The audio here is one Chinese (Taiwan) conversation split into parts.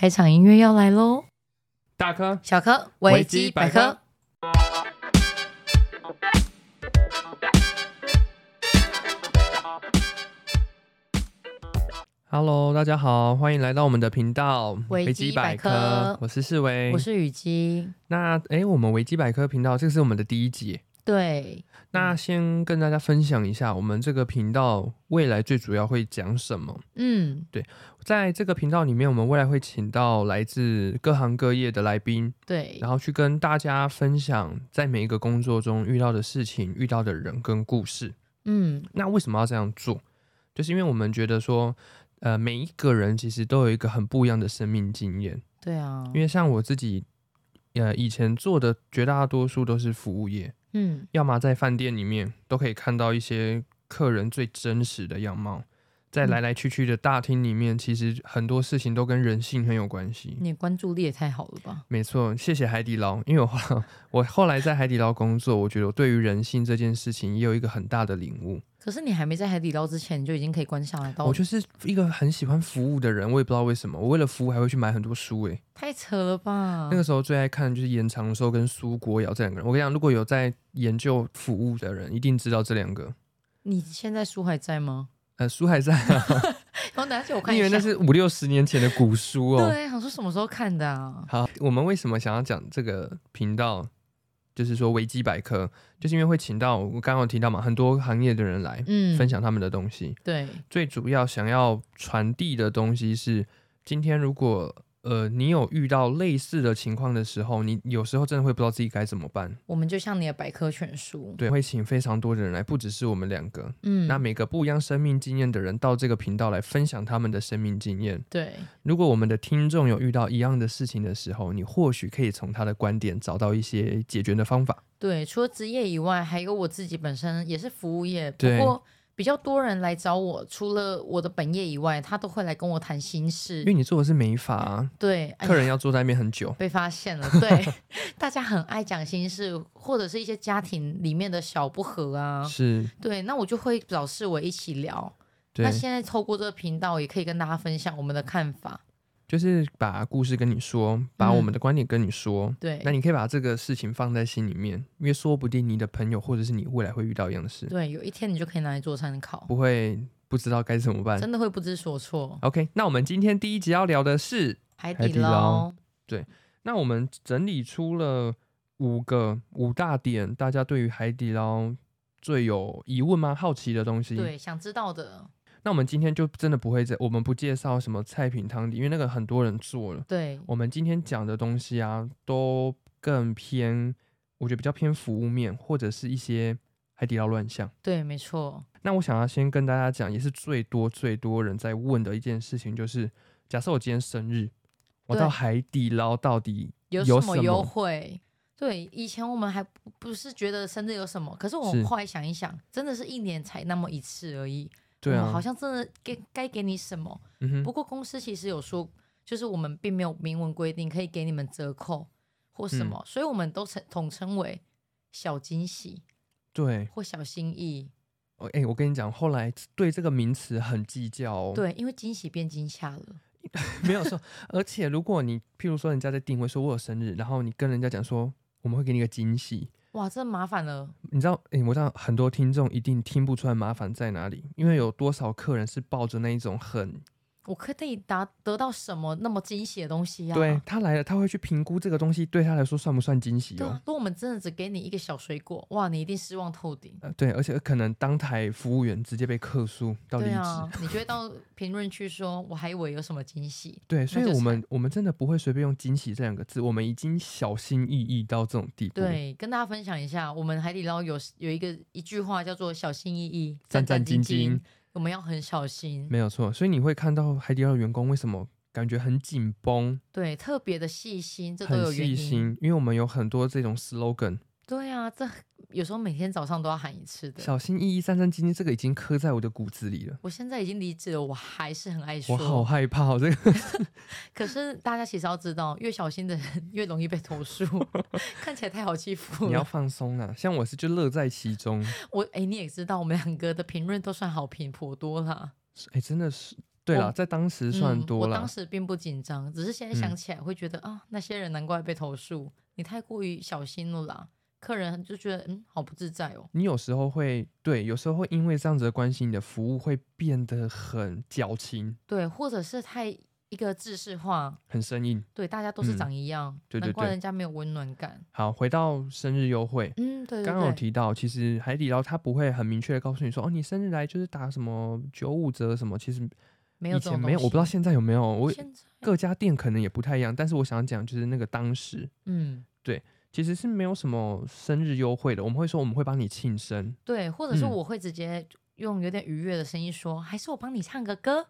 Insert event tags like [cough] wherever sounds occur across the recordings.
開場音樂要來嘍！大科、小科，維基百科，基百科。 [music] Hello，大家好，歡迎來到我們的頻道維基百科。百科 [music] 我是世維，我是雨姬。 [music] 那哎、欸，我們維基百科頻道，這是我們的第一集。對，那先跟大家分享一下，我們這個頻道未來最主要會講什麼？嗯，對，在這個頻道裡面，我們未來會請到來自各行各業的來賓，對，然後去跟大家分享在每一個工作中遇到的事情、遇到的人跟故事。嗯，那為什麼要這樣做？就是因為我們覺得說，呃，每一個人其實都有一個很不一樣的生命經驗。對啊，因為像我自己，呃，以前做的絕大多數都是服務業。嗯，要麼在飯店裡面都可以看到一些客人最真實的樣貌，在來來去去的大廳裡面，其實很多事情都跟人性很有關係。你的關注力也太好了吧？沒錯，謝謝海底撈，因為我，我後來在海底撈工作，我覺得我對於人性這件事情也有一個很大的領悟。可是你還沒在海底撈之前，你就已經可以觀察得到。我就是一個很喜歡服務的人，我也不知道為什麼，我為了服務還會去買很多書、欸，哎，太扯了吧！那個時候最愛看的就是嚴長壽跟蘇國堯這兩個人。我跟你講，如果有在研究服務的人，一定知道這兩個。你現在書還在嗎？呃，書還在啊。我拿起我看，因為那是五六十年前的古書哦。 [laughs] 對，想說什麼時候看的啊？好，我們為什麼想要講這個頻道？就是說，維基百科就是因為會請到我剛剛有提到嘛，很多行業的人來，嗯，分享他們的東西。嗯，對，最主要想要傳遞的東西是，今天如果。呃，你有遇到類似的情況的時候，你有時候真的會不知道自己該怎麼辦。我們就像你的百科全書，對，會請非常多的人來，不只是我們兩個，嗯，那每個不一樣生命經驗的人到這個頻道來分享他們的生命經驗。對，如果我們的聽眾有遇到一樣的事情的時候，你或許可以從他的觀點找到一些解決的方法。對，除了職業以外，還有我自己本身也是服務業，對。比較多人來找我，除了我的本業以外，他都會來跟我談心事，因為你做的是美髮，啊，對，客人要坐在那邊很久，哎，被發現了，對， [laughs] 大家很愛講心事，或者是一些家庭裡面的小不合啊，是對，那我就會表示我一起聊，那現在透過這個頻道也可以跟大家分享我們的看法。就是把故事跟你說，把我們的觀點跟你說，嗯。對，那你可以把這個事情放在心裡面，因為說不定你的朋友或者是你未來會遇到一樣的事。對，有一天你就可以拿來做參考，不會不知道該怎麼辦，真的會不知所措。OK，那我們今天第一集要聊的是海底撈。海底撈。對，那我們整理出了五個五大點，大家對於海底撈最有疑問嗎？好奇的東西，對，想知道的。那我們今天就真的不會再，我們不介紹什麼菜品湯底，因為那個很多人做了。對，我們今天講的東西啊，都更偏，我覺得比較偏服務面或者是一些海底撈亂象。對，沒錯。那我想要先跟大家講，也是最多最多人在問的一件事情，就是假設我今天生日，我到海底撈到底有什麼優惠？對，以前我們還不是覺得生日有什麼，可是我們後來想一想，真的是一年才那麼一次而已。對、啊嗯、好像真的給該給你什麼，不過公司其實有說，就是我們並沒有明文規定可以給你們折扣或什麼，嗯、所以我們都稱統稱為小驚喜，對，或小心意。哦，哎，我跟你講，後來對這個名詞很計較哦。對，因為驚喜變驚嚇了。 [laughs] 沒有說，而且如果你，譬如說人家在訂位說我有生日，然後你跟人家講說我們會給你一個驚喜。哇，這麻煩了！你知道，哎、欸，我知道很多聽眾一定聽不出來麻煩在哪裡，因為有多少客人是抱着那一種很。我可得以給得到什麼那麼驚喜的東西呀、啊？對他來了，他會去評估這個東西對他來說算不算驚喜、哦。對、啊，如果我們真的只給你一個小水果，哇，你一定失望透頂。呃，對，而且可能當台服務員直接被克訴到離職、啊。你就會到評論區說，我還以為有什麼驚喜。 [laughs] 對，所以我們我們真的不會隨便用驚喜這兩個字，我們已經小心翼翼到這種地步。對，跟大家分享一下，我們海底撈有有一個，有一個一句話叫做小心翼翼，戰戰兢兢。讚讚金金我們要很小心，沒有錯。所以你會看到海底撈的員工為什麼感覺很緊繃？對，特別的細心，這都有原因。很細心，因為我們有很多這種 slogan。對啊，這有時候每天早上都要喊一次的。小心翼翼、戰戰兢兢，這個已經刻在我的骨子裡了。我現在已經離職了，我還是很愛說。我好害怕、哦，這個。 [laughs] 可是大家其實要知道，越小心的人越容易被投訴， [laughs] 看起來太好欺負。你要放鬆啊，像我是就樂在其中。 [laughs] 我哎、欸，你也知道，我們兩個的評論都算好評頗多，多啦。哎、欸，真的是，對啦，在當時算多了、嗯。我當時並不緊張，只是現在想起來會覺得、嗯、啊，那些人難怪被投訴，你太過於小心了啦。客人就覺得嗯，好不自在哦。你有時候會對，有時候會因為這樣子的關係，你的服務會變得很矯情，對，或者是太一個制式化，很生硬，對，大家都是長一樣，嗯、對對對，難怪人家沒有溫暖感。好，回到生日優惠，嗯，對，對，對，剛剛有提到，其實海底撈他不會很明確的告訴你說，哦，你生日來就是打什麼九五折什麼，其實沒有，以前沒有，我不知道現在有沒有，我各家店可能也不太一樣，但是我想講就是那個當時，嗯，對。其實是沒有什麼生日優惠的，我們會說我們會幫你慶生，對，或者是我會直接用有點愉悅的聲音說，嗯，還是我幫你唱個歌，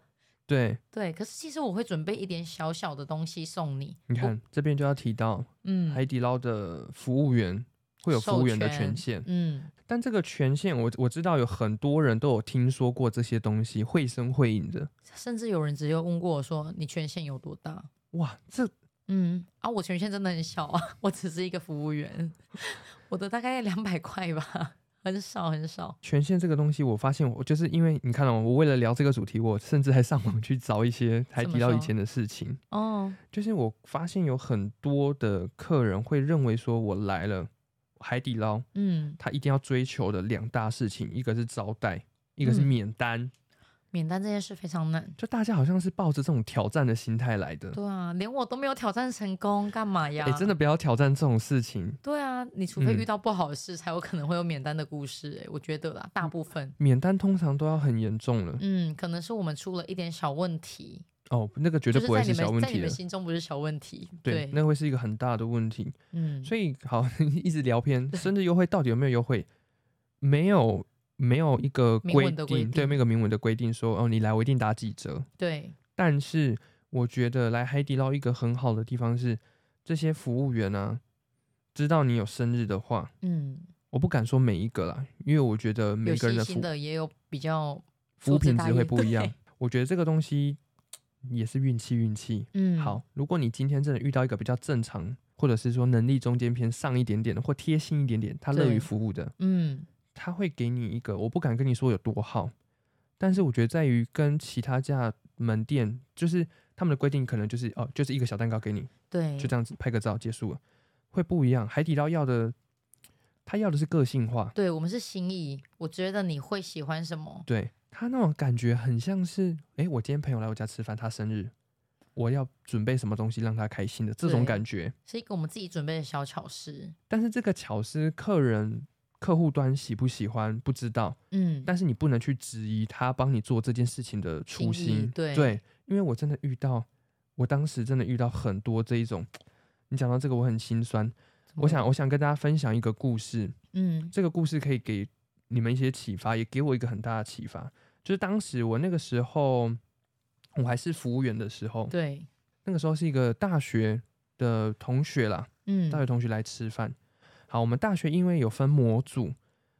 對對，可是其實我會準備一點小小的東西送你。你看這邊就要提到，嗯，海底撈的服務員會有服務員的權限，授權，嗯，但這個權限我我知道有很多人都有聽說過這些東西，繪聲繪影的，甚至有人直接問過我說你權限有多大？哇，這。嗯啊，我權限真的很小啊，我只是一個服務員，我的大概兩百塊吧，很少很少。權限這個東西，我發現我就是因為你看到嗎？我為了聊這個主題，我甚至還上網去找一些，海底撈以前的事情哦。Oh. 就是我發現有很多的客人會認為說，我來了海底撈，嗯，他一定要追求的兩大事情，一個是招待，一個是免單。嗯免單這件事非常難，就大家好像是抱着這種挑戰的心態來的。對啊，連我都沒有挑戰成功，幹嘛呀？你、欸、真的不要挑戰這種事情。對啊，你除非、嗯、遇到不好的事，才有可能會有免單的故事、欸。我覺得啦，大部分免、免單通常都要很嚴重了。嗯，可能是我們出了一點小問題。哦，那個絕對不會是小問題，在你們心中不是小問題對。對，那會是一個很大的問題。嗯，所以好，一直聊偏，生日優惠到底有沒有優惠？ [laughs] 沒有。沒有一個規定，明文的規定對，沒有一個明文的規定說，哦，你來我一定打幾折。對，但是我覺得來海底撈一個很好的地方是，這些服務員呢、啊，知道你有生日的話，嗯，我不敢說每一個啦，因為我覺得每個人的，服，有的也有比較服務品質會不一樣。我覺得這個東西也是運氣，運氣。嗯，好，如果你今天真的遇到一個比較正常，或者是說能力中間偏上一點點的，或貼心一點點，他樂於服務的，嗯。他會給你一個，我不敢跟你說有多好，但是我覺得在於跟其他家門店，就是他們的規定可能就是哦，就是一個小蛋糕給你，對，就這樣子拍個照結束了，會不一樣。海底撈要的，他要的是個性化，對我們是心意。我覺得你會喜歡什麼？對他那種感覺很像是，哎，我今天朋友來我家吃飯，他生日，我要準備什麼東西讓他開心的這種感覺，是一個我們自己準備的小巧思。但是這個巧思，客人。客戶端喜不喜歡不知道，嗯，但是你不能去質疑他幫你做這件事情的初心，對，對，因為我真的遇到，我當時真的遇到很多這一種，你講到這個我很心酸，我想我想跟大家分享一個故事，嗯，這個故事可以給你們一些啟發，也給我一個很大的啟發，就是當時我那個時候我還是服務員的時候，對，那個時候是一個大學的同學啦，嗯，大學同學來吃飯。好，我們大學因為有分模組，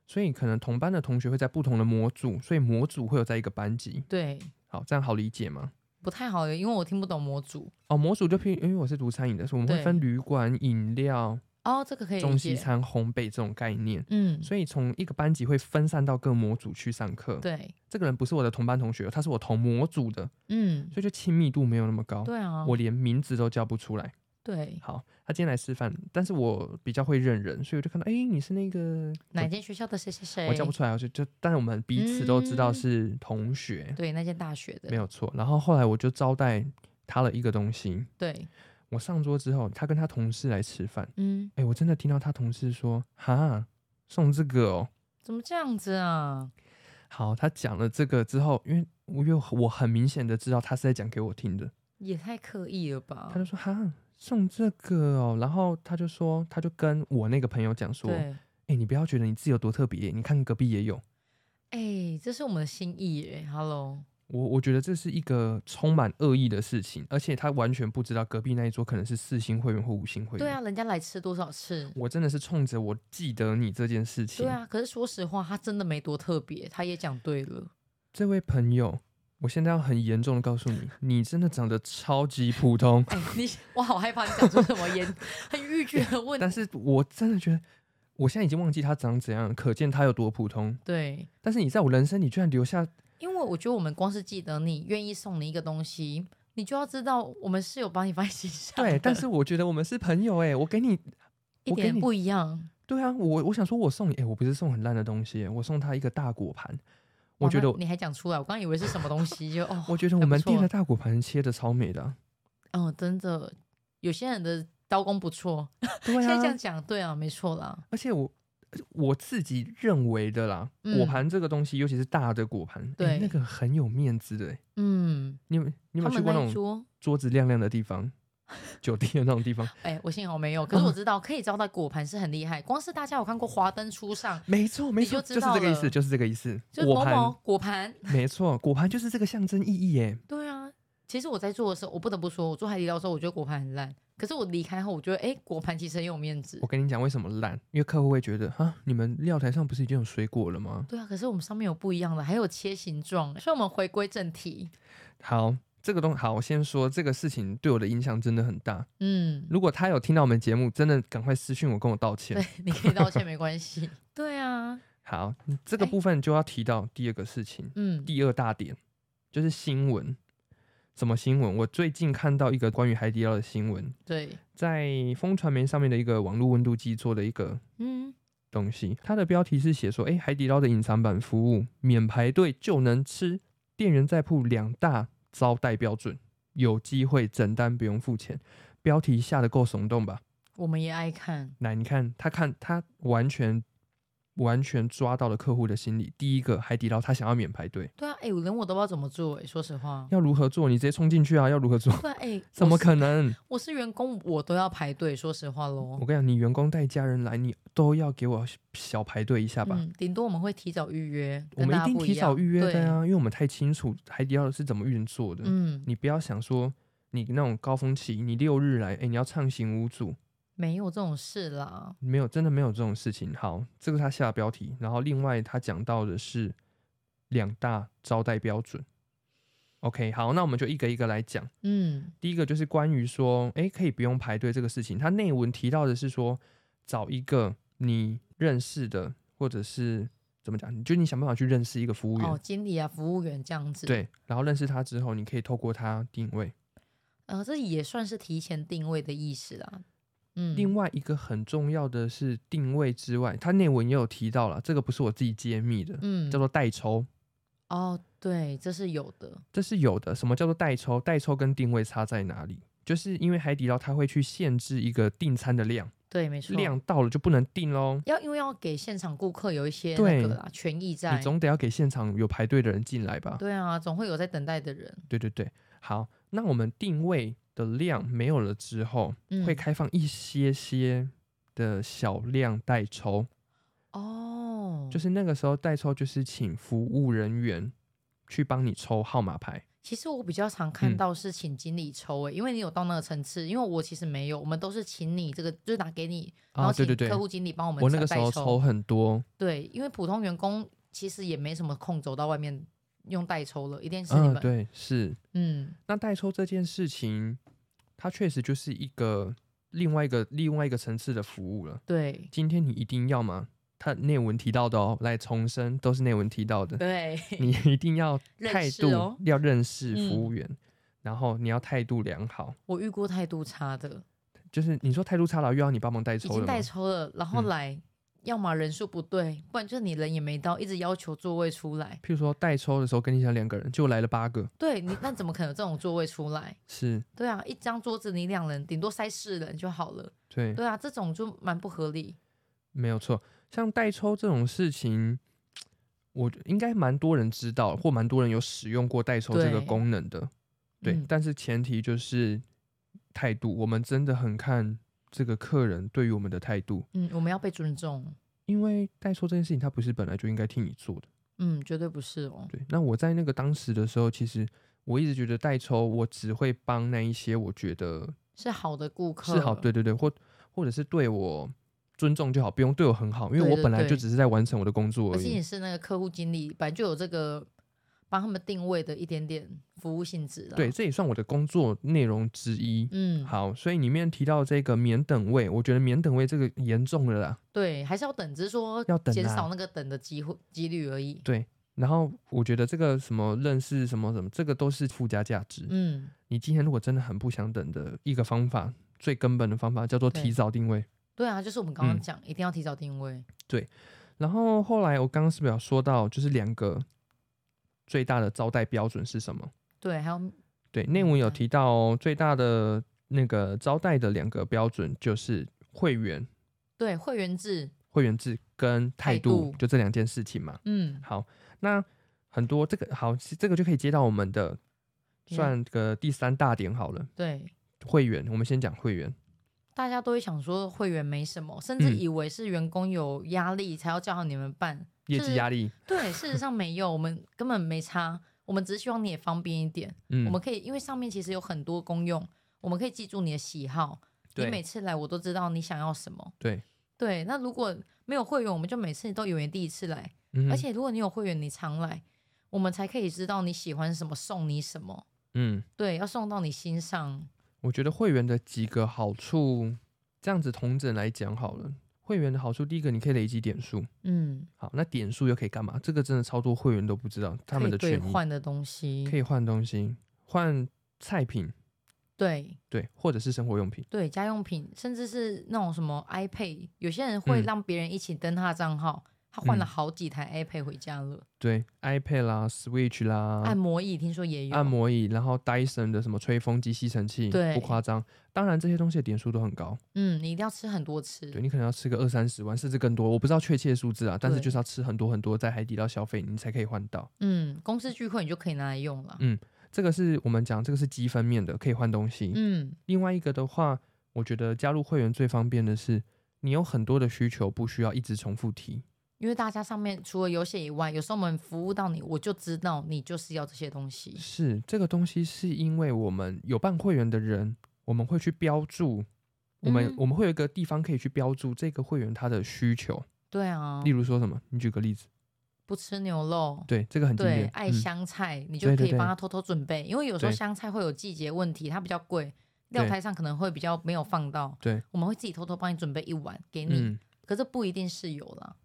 所以可能同班的同學會在不同的模組，所以模組會有在一個班級。對，好，這樣好理解嗎？不太好，因為我聽不懂模組。哦，模組就譬如，因為我是讀餐飲的，所以我們會分旅館、飲料、哦、oh，這個可以，中西餐、烘焙這種概念。嗯，所以從一個班級會分散到各模組去上課。對，這個人不是我的同班同學，他是我同模組的。嗯，所以就親密度沒有那麼高。對啊，我連名字都叫不出來。對，好，他、啊、今天來吃飯，但是我比較會認人，所以我就看到，哎、欸，你是那個哪間學校的誰誰誰，我叫不出來，我就就，但是我們彼此都知道是同學、嗯，對，那間大學的，沒有錯。然後後來我就招待他了一個東西，對，我上桌之後，他跟他同事來吃飯，嗯，哎、欸，我真的聽到他同事說，哈，送這個哦，怎麼這樣子啊？好，他講了這個之後，因為因為我很明顯的知道他是在講給我聽的，也太刻意了吧？他就說，哈。送這個哦，然後他就說，他就跟我那個朋友講說，哎、欸，你不要覺得你自己有多特別，你看隔壁也有。哎、欸，這是我們的心意耶，Hello。我我覺得這是一個充滿惡意的事情，而且他完全不知道隔壁那一桌可能是四星會員或五星會員。對啊，人家來吃多少次。我真的是衝着我記得你這件事情。對啊，可是說實話，他真的沒多特別，他也講對了，這位朋友。我現在要很嚴重的告訴你，你真的長得超級普通。欸、你我好害怕你講出什麼嚴， [laughs] 很欲絕的問題。但是我真的覺得，我現在已經忘記他長怎樣，可見他有多普通。對。但是你在我人生，你居然留下，因為我覺得我們光是記得你願意送你一個東西，你就要知道我們是有幫你放在心上。對，但是我覺得我們是朋友、欸，誒，我給你，我給你一點，點不一樣。對啊，我我想說我送你，誒、欸，我不是送很爛的東西、欸，我送他一個大果盤。我覺得我、啊、你還講出來，我剛以為是什麼東西就哦。 [laughs] 我覺得我們店的大果盤切的超美的、啊。哦，真的，有些人的刀工不錯。對啊，現在這樣講對啊，沒錯啦。而且我我自己認為的啦，果盤這個東西、嗯，尤其是大的果盤，對、欸，那個很有面子的、欸。嗯。你有你有去過那種桌子亮亮的地方？ [laughs] 酒店的那種地方，哎、欸，我幸好沒有。可是我知道，嗯、可以招待果盤是很厲害。光是大家有看過《華燈初上》沒？沒錯，沒錯，就是這個意思，就是這個意思，果盤，果盤，沒錯，果盤就是這個象徵意義，哎，對啊。其實我在做的時候，我不得不說，我做海底撈的時候，我覺得果盤很爛。可是我離開後，我覺得，哎、欸，果盤其實很有面子。我跟你講為什麼爛，因為客戶會覺得，哈、啊，你們料台上不是已經有水果了嗎？對啊，可是我們上面有不一樣的，還有切形狀。所以我們回歸正題，好。這個東西，好，我先說這個事情，對我的影響真的很大。嗯，如果他有聽到我們節目，真的趕快私訊我跟我道歉。你可以道歉 [laughs] 沒關係。對啊。好，這個部分就要提到第二個事情。嗯、欸，第二大點就是新聞、嗯，什麼新聞？我最近看到一個關於海底撈的新聞。對，在風傳媒上面的一個網路溫度計做的一個嗯東西，嗯，它的標題是寫說：“哎、欸，海底撈的隱藏版服務，免排隊就能吃，店員在鋪兩大。”招待標準，有機會整單不用付錢。標題下得夠聳動吧？我們也愛看。那你看他看他完全。完全抓到了客戶的心理。第一個，海底撈他想要免排隊。對啊，哎、欸，連我都不知道怎麼做、欸，哎，說實話。要如何做？你直接衝進去啊！要如何做？啊欸、怎麼可能？我、我是員工，我都要排隊。說實話嘍，我跟你講，你員工帶家人來，你都要給我小排隊一下吧。嗯、頂多我們會提早預約。我們一定提早預約的、啊，對啊，因為我們太清楚海底撈是怎麼運作的。嗯。你不要想說你那種高峰期，你六日來，哎、欸，你要暢行無阻。沒有這種事啦，沒有，真的沒有這種事情。好，這個他下的標題，然後另外他講到的是兩大招待標準。OK，好，那我們就一個一個來講。嗯，第一個就是關於說，哎，可以不用排隊這個事情。他內文提到的是說，找一個你認識的，或者是怎麼講，你就你想辦法去認識一個服務員、哦、經理啊，服務員這樣子。對，然後認識他之後，你可以透過他定位。啊、呃，這也算是提前定位的意思了、啊。嗯，另外一個很重要的是定位之外，它內文也有提到了，這個不是我自己揭秘的，嗯，叫做代抽。哦，對，這是有的，這是有的。什麼叫做代抽？代抽跟定位差在哪裡？就是因為海底撈它會去限制一個訂餐的量，對，沒錯，量到了就不能訂咯。要因為要給現場顧客有一些那個啦權益在，你總得要給現場有排隊的人進來吧？對啊，總會有在等待的人。對對對，好，那我們定位，的量沒有了之後，嗯，會開放一些些的小量代抽，哦，就是那個時候代抽就是請服務人員去幫你抽號碼牌。其實我比較常看到是請經理抽誒、欸嗯，因為你有到那個層次，因為我其實沒有，我們都是請你這個就是、拿給你，然後請客戶經理幫我們抽。我那個時候抽很多，對，因為普通員工其實也沒什麼空走到外面。用代抽了，一定是你、嗯、對是嗯，那代抽這件事情，它確實就是一個另外一個另外一個層次的服務了。對，今天你一定要嗎？他內文提到的哦，來重申，都是內文提到的。對，你一定要態度認、哦、要認識服務員、嗯，然後你要態度良好。我遇過態度差的，就是你說態度差了，又要你幫忙代抽了，代抽了，然後來。嗯要麼人數不對，不然就是你人也沒到，一直要求座位出來。譬如說代抽的時候，跟你講兩個人，就來了八個。對，你那怎麼可能這種座位出來？ [laughs] 是。對啊，一張桌子你兩人，頂多塞四人就好了。對。對啊，這種就蠻不合理。沒有錯，像代抽這種事情，我應該蠻多人知道，或蠻多人有使用過代抽這個功能的。對。對，嗯，但是前提就是態度，我們真的很看。這個客人對於我們的態度，嗯，我們要被尊重，因為代抽這件事情，他不是本來就應該替你做的，嗯，絕對不是哦。對，那我在那個當時的時候，其實我一直覺得代抽，我只會幫那一些我覺得是好，是好的顧客，是好，對對對，或或者是對我尊重就好，不用對我很好，因為我本來就只是在完成我的工作而已。對對對，而且你是那個客戶經理，本來就有這個。幫他們定位的一點點服務性質，對，這也算我的工作內容之一。嗯，好，所以裡面提到這個免等位，我覺得免等位這個嚴重了啦。對，還是要等，只是說要減少那個等的機會、啊、幾率而已。對，然後我覺得這個什麼認識什麼什麼，這個都是附加價值。嗯，你今天如果真的很不想等的一個方法，最根本的方法叫做提早定位。對，對啊，就是我們剛剛講、嗯，一定要提早定位。對，然後後來我剛剛是不是有說到，就是兩個。最大的招待標準是什麼？對，還有對內文有提到最大的那個招待的兩個標準，就是會員，對，會員制，會員制跟態度，態度，就這兩件事情嘛。嗯，好，那很多這個好，這個就可以接到我們的算個第三大點好了。對、嗯，會員，我們先講會員。大家都會想說會員沒什麼，甚至以為是員工有壓力才要叫上你們辦。嗯就是、業績壓力？ [laughs] 對，事實上沒有，我們根本沒差，我們只是希望你也方便一點。嗯，我們可以，因為上面其實有很多功用，我們可以記住你的喜好，你每次來我都知道你想要什麼。對，對，那如果沒有會員，我們就每次都以為第一次來。嗯，而且如果你有會員，你常來，我們才可以知道你喜歡什麼，送你什麼。嗯，對，要送到你心上。我覺得會員的幾個好處，這樣子統整來講好了。會員的好處，第一個，你可以累積點數。嗯，好，那點數又可以幹嘛？這個真的超多會員都不知道他們的全部可以換的東西，可以換東西，換菜品。對對，或者是生活用品，對家用品，甚至是那種什麼 iPad，有些人會讓別人一起登他的賬號。嗯他換了好幾台 iPad 回家了，嗯、對 iPad 啦，Switch 啦，按摩椅聽說也有按摩椅，然後 Dyson 的什麼吹風機、吸塵器，對，不誇張。當然這些東西的點數都很高，嗯，你一定要吃很多次，對你可能要吃個二三十萬，甚至更多，我不知道確切的數字啊，但是就是要吃很多很多，在海底撈消費，你才可以換到。嗯，公司聚會你就可以拿來用了。嗯，這個是我們講這個是積分面的，可以換東西。嗯，另外一個的話，我覺得加入會員最方便的是，你有很多的需求，不需要一直重複提。因為大家上面除了有寫以外，有時候我們服務到你，我就知道你就是要這些東西。是這個東西，是因為我們有辦會員的人，我們會去標注，嗯、我們我們會有一個地方可以去標注這個會員他的需求。對啊，例如說什麼？你舉個例子。不吃牛肉。對，這個很經典。對，愛香菜，嗯、你就可以幫他偷偷準備對對對，因為有時候香菜會有季節問題，它比較貴，料台上可能會比較沒有放到。對，我們會自己偷偷幫你準備一碗給你，可是不一定是有啦。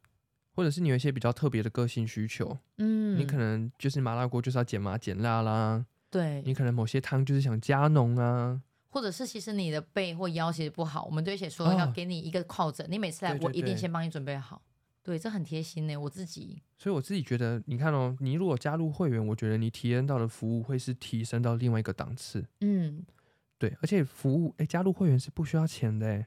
或者是你有一些比較特別的個性需求，嗯，你可能就是麻辣鍋就是要減麻減辣啦，對，你可能某些湯就是想加濃啊，或者是其實你的背或腰其實不好，我們都會寫說，要給你一個靠枕，哦，你每次來對對對，我一定先幫你準備好，對，這很貼心呢、欸。我自己，所以我自己覺得，你看哦，喔，你如果加入會員，我覺得你體驗到的服務會是提升到另外一個檔次，嗯，對，而且服務，哎，欸，加入會員是不需要錢的，欸。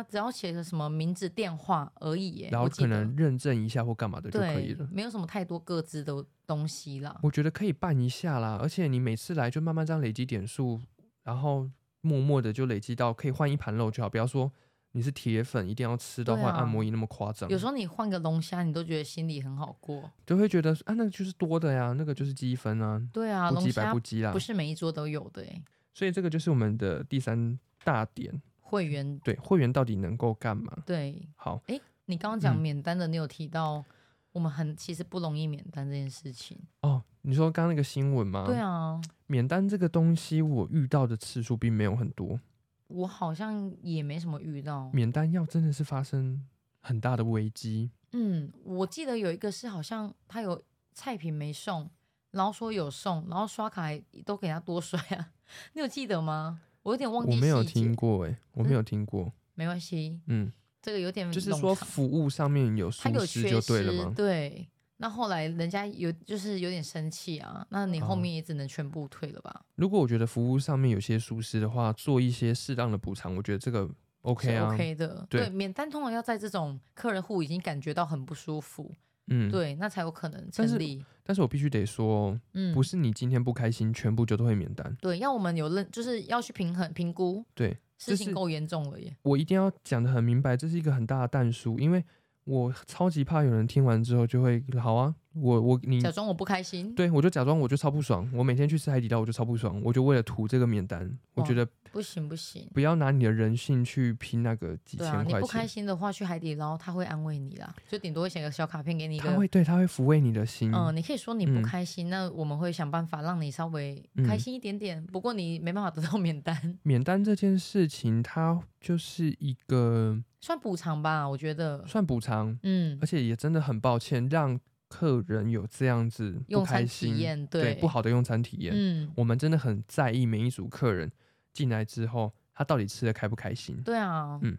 他只要寫着什麼名字、電話而已、欸，然後可能認證一下或幹嘛的就可以了，沒有什麼太多個資的東西啦。我覺得可以辦一下啦，而且你每次來就慢慢這樣累積點數，然後默默的就累積到可以換一盤肉就好，不要說你是鐵粉一定要吃到換按摩椅那麼誇張、啊。有時候你換個龍蝦，你都覺得心裡很好過，就會覺得啊，那個就是多的呀，那個就是積分啊。對啊，不積白不積啦。不是每一桌都有的哎、欸，所以這個就是我們的第三大點。會員對會員到底能夠幹嘛？對，好，誒。你剛剛講免單的，你有提到我們很、嗯、其實不容易免單這件事情哦。你說剛剛那個新聞嗎？對啊，免單這個東西，我遇到的次數並沒有很多，我好像也沒什麼遇到。免單要真的是發生很大的危機。嗯，我記得有一個是好像他有菜品沒送，然後說有送，然後刷卡都給他多刷啊，你有記得嗎？我有點忘記，我沒有聽過哎、欸，我沒有聽過，嗯、沒關係，嗯，這個有點就是說服務上面有缺失就對了嘛？對，那後來人家有就是有點生氣啊，那你後面也只能全部退了吧？哦、如果我覺得服務上面有些疏失的話，做一些適當的補償，我覺得這個 OK、啊、OK 的對，對，免單通常要在這種客人戶已經感覺到很不舒服，嗯，對，那才有可能成立。但是我必須得說，哦，不是你今天不開心、嗯，全部就都會免單。對，要我們有認，就是要去平衡評估。對，事情夠嚴重了耶，我一定要講得很明白，這是一個很大的但書，因為我超級怕有人聽完之後就會好啊。我我你假裝我不開心，對，我就假裝我就超不爽。我每天去吃海底撈，我就超不爽。我就為了圖這個免單，哦、我覺得不行不行，不要拿你的人性去拼那個幾千塊錢、啊。你不開心的話，去海底撈他會安慰你啦，就頂多會寫個小卡片給你。他會，對，他會撫慰你的心。嗯、呃，你可以說你不開心、嗯，那我們會想辦法讓你稍微開心一點點。嗯、不過你沒辦法得到免單。免單這件事情，它就是一個算補償吧，我覺得算補償。嗯，而且也真的很抱歉讓。客人有這樣子不開心用餐體驗，對，對不好的用餐體驗，嗯，我們真的很在意每一組客人進來之後，他到底吃的開不開心。對啊，嗯，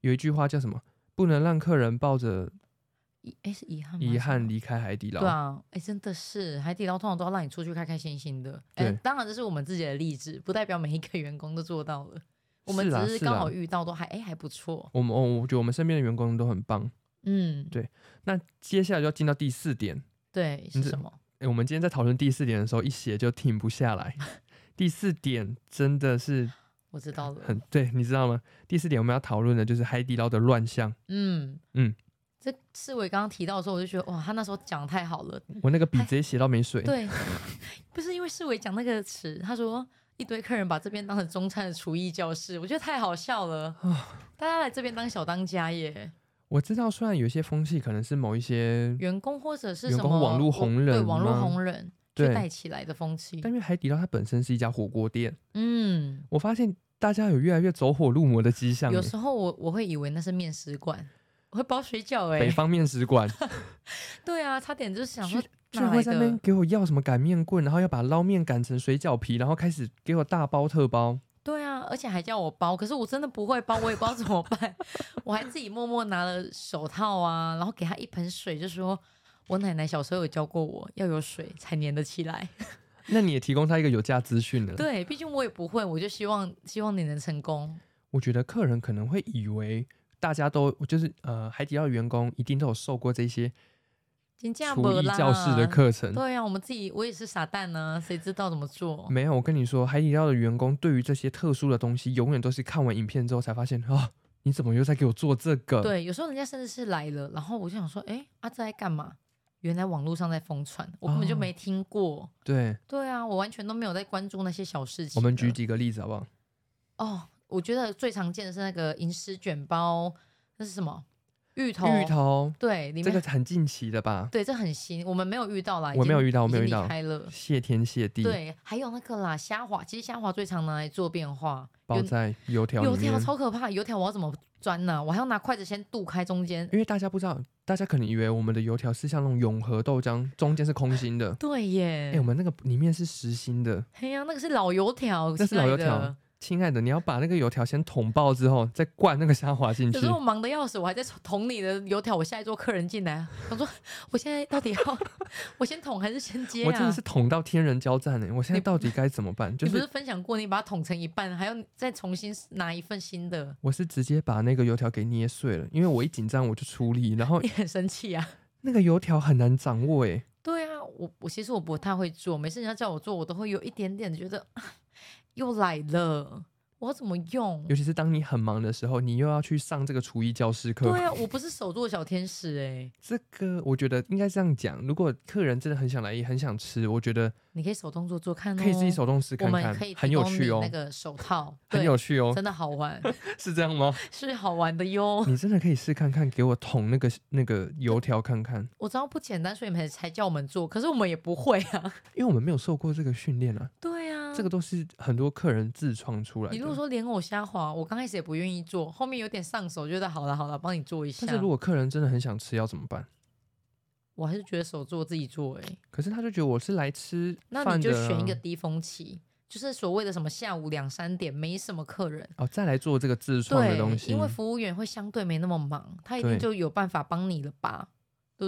有一句話叫什麼？不能讓客人抱着遺遺憾離開海底撈。對啊，哎、欸、真的是海底撈通常都要讓你出去開開心心的。哎、欸，當然這是我們自己的例子，不代表每一個員工都做到了。我們只是剛好遇到都還哎、啊啊欸、還不錯。我們我、哦、我覺得我們身邊的員工都很棒。嗯，對，那接下來就要進到第四點，對，是什麼？哎、欸，我們今天在討論第四點的時候，一寫就停不下來。 [laughs] 第四點真的是我知道了，很對，你知道嗎？第四點我們要討論的就是海底撈的亂象。嗯嗯，這世偉剛剛提到的時候，我就覺得哇，他那時候講太好了，我那個筆直接寫到沒水。對， [laughs] 不是因為世偉講那個詞，他說一堆客人把這邊當成中餐的廚藝教室，我覺得太好笑了，大家來這邊當小當家耶。我知道，雖然有些風氣可能是某一些員工或者是什麼網絡紅人對，網絡紅人帶起來的風氣，但因為海底撈它本身是一家火鍋店。嗯，我發現大家有越來越走火入魔的跡象，欸。有時候我我會以為那是麵食館，我會包水餃哎、欸，北方麵食館。 [laughs] 對啊，差點就是想說去，居然在那邊給我要什麼擀麵棍，然後要把撈麵擀成水餃皮，然後開始給我大包特包。對啊，而且還叫我包，可是我真的不會包，我也不知道怎麼辦， [laughs] 我還自己默默拿了手套啊，然後給他一盆水，就說我奶奶小時候有教過我，要有水才粘得起來。那你也提供他一個有價資訊的？ [laughs] 對，畢竟我也不會，我就希望希望你能成功。我覺得客人可能會以為大家都就是呃海底撈員工一定都有受過這些。廚藝教室的課程，對啊，我們自己，我也是傻蛋呢、啊，誰知道怎麼做？沒有，我跟你說，海底撈的員工對於這些特殊的東西，永遠都是看完影片之後才發現哦，你怎麼又在給我做這個？對，有時候人家甚至是來了，然後我就想說，哎、欸，阿、啊、在幹嘛？原來網絡上在瘋傳，我根本就沒聽過、哦。對，對啊，我完全都沒有在關注那些小事情。我們舉幾個例子好不好？哦，我覺得最常見的是那個銀絲卷包，那是什麼？芋頭，芋頭，對裡面，這個很近期的吧？對，這很新，我們沒有遇到啦，我沒有遇到，我沒有遇到，開了，謝天謝地。對，還有那個啦，蝦滑，其實蝦滑最常拿來做變化，包在油條裡面。油條超可怕，油條我要怎麼鑽呢、啊？我還要拿筷子先剁開中間，因為大家不知道，大家可能以為我們的油條是像那種永和豆漿，中間是空心的。對耶，哎，我們那個裡面是實心的。哎呀，那個是老油條，那是老油條。親愛的，你要把那個油條先捅爆之後，再灌那個蝦滑進去。可是我忙得要死，我還在捅你的油條。我下一桌客人進來，我說我現在到底要 [laughs] 我先捅還是先接、啊、我真的是捅到天人交戰呢。我現在到底該怎麼辦？你就是、你不是分享過，你把它捅成一半，還要再重新拿一份新的。我是直接把那個油條給捏碎了，因為我一緊張我就出力，然後也很生氣啊，那個油條很難掌握誒。對啊，我我其實我不太會做，每次人家叫我做，我都會有一點點覺得。又來了，我要怎麼用？尤其是當你很忙的時候，你又要去上這個廚藝教室課。對啊，我不是手作小天使哎、欸。這個我覺得應該這樣講，如果客人真的很想來，也很想吃，我覺得你可以手動做做看，可以自己手動試看看、喔，很有趣哦、喔。那個手套很有趣哦，真的好玩， [laughs] 是這樣嗎？是好玩的喲。你真的可以試看看，給我捅那個那個油條看看。我知道不簡單，所以你們才才叫我們做，可是我們也不會啊，因為我們沒有受過這個訓練啊。對啊。這個都是很多客人自創出來的。你如果說蓮藕蝦滑，我剛開始也不願意做，後面有點上手，覺得好了好了，幫你做一下。但是如果客人真的很想吃，要怎麼辦？我還是覺得手做自己做、欸，可是他就覺得我是來吃。那你就選一個低峰期，就是所謂的什麼下午兩三點沒什麼客人哦，再來做這個自創的東西，因為服務員會相對沒那麼忙，他一定就有辦法幫你了吧？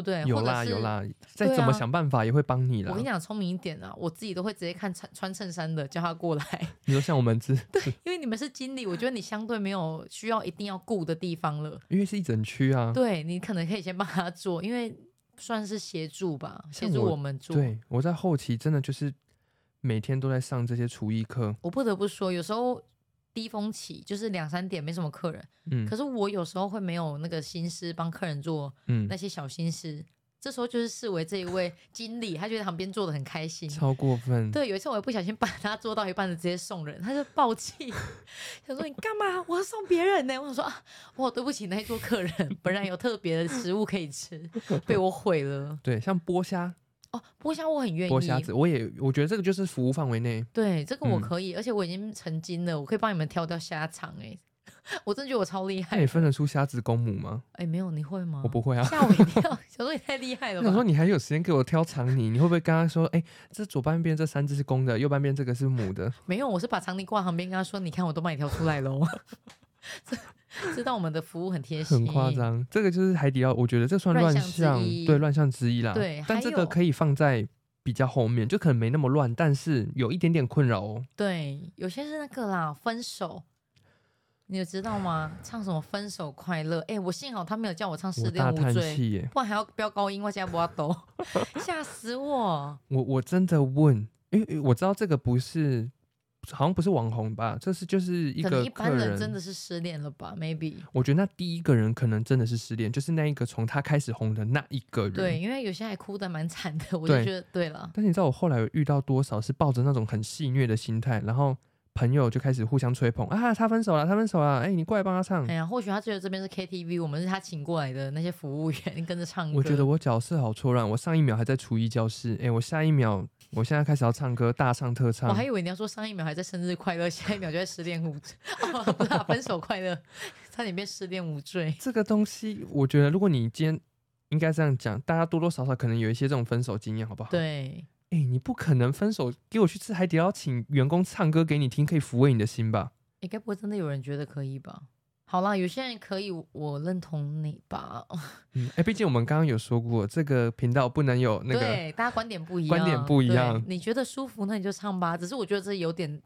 對不對？有啦有啦，再怎麼想辦法也會幫你啦。啊、我跟你講，聰明一點啊，我自己都會直接看穿穿襯衫的，叫他過來。你說像我們這， [laughs] 因為你們是經理，我覺得你相對沒有需要一定要顧的地方了。因為是一整區啊。對，你可能可以先幫他做，因為算是協助吧，協助我們做。對，我在後期真的就是每天都在上這些廚藝課。我不得不說，有時候。低峰期就是兩三點沒什麼客人，嗯，可是我有時候會沒有那個心思幫客人做，那些小心思，嗯，這時候就是視為這一位經理，他覺得旁邊做的很開心，超過分。對，有一次我不小心把他做到一半的直接送人，他就爆氣，他 [laughs] 說你幹嘛？ [laughs] 我要送別人呢？我想說啊，我好對不起那一桌客人，本來有特別的食物可以吃， [laughs] 被我毀了。對，像剝蝦。哦，剝蝦我很願意。剝蝦子，我也，我覺得這個就是服務範圍內。對，這個我可以，嗯、而且我已經成精了，我可以幫你們挑掉蝦腸哎，我真的覺得我超厲害。那你分得出蝦子公母嗎？哎、欸，沒有，你會嗎？我不會啊。嚇我一跳，小時候也太厲害了吧？我說你還有時間給我挑長泥，你會不會跟他說，哎、欸，這左半邊這三隻是公的，右半邊這個是母的？沒有，我是把長泥掛旁邊，跟他說，你看我都幫你挑出來哦 [laughs] [laughs] 知道我們的服務很貼心，很誇張。這個就是海底撈，我覺得這算亂象，對亂象之一啦。對，但這個可以放在比較後面，就可能沒那麼亂，但是有一點點困擾哦。對，有些是那個啦，分手，你有知道嗎？唱什麼分手快樂？哎，我幸好他沒有叫我唱失戀無罪，我大嘆氣欸，不然還要飆高音，我現在不要抖，嚇 [laughs] 死我！我我真的問，因為，欸，我知道這個不是。好像不是網紅吧？這是就是一個，可能一般人真的是失戀了吧？Maybe，我覺得那第一個人可能真的是失戀，就是那一個從他開始紅的那一個人。對，因為有些還哭得蠻慘的，我就覺得對，對了。但是你知道我後來遇到多少是抱着那種很戲謔的心態，然後朋友就開始互相吹捧啊，他分手了，他分手了，哎、欸，你過來幫他唱。哎、欸、呀、啊，或許他覺得這邊是 KTV，我們是他請過來的那些服務員跟着唱歌。我覺得我角色好錯亂，我上一秒還在廚藝教室，哎、欸，我下一秒。我現在開始要唱歌，大唱特唱。我、哦、還以為你要說上一秒還在生日快樂，下一秒就在失戀無罪、 [laughs] 哦、不是、啊、分手快樂，差 [laughs] [laughs] 點變失戀無罪。這個東西，我覺得如果你今天應該這樣講，大家多多少少可能有一些這種分手經驗，好不好？對，哎、欸，你不可能分手給我去吃海底撈，請員工唱歌給你聽，可以撫慰你的心吧？應、欸、該不會真的有人覺得可以吧？好了，有些人可以，我認同你吧。 [laughs] 嗯，哎，畢竟我們剛剛有說過，這個頻道不能有那個。對，大家觀點不一樣，觀點不一樣。你覺得舒服，那你就唱吧。只是我覺得這有點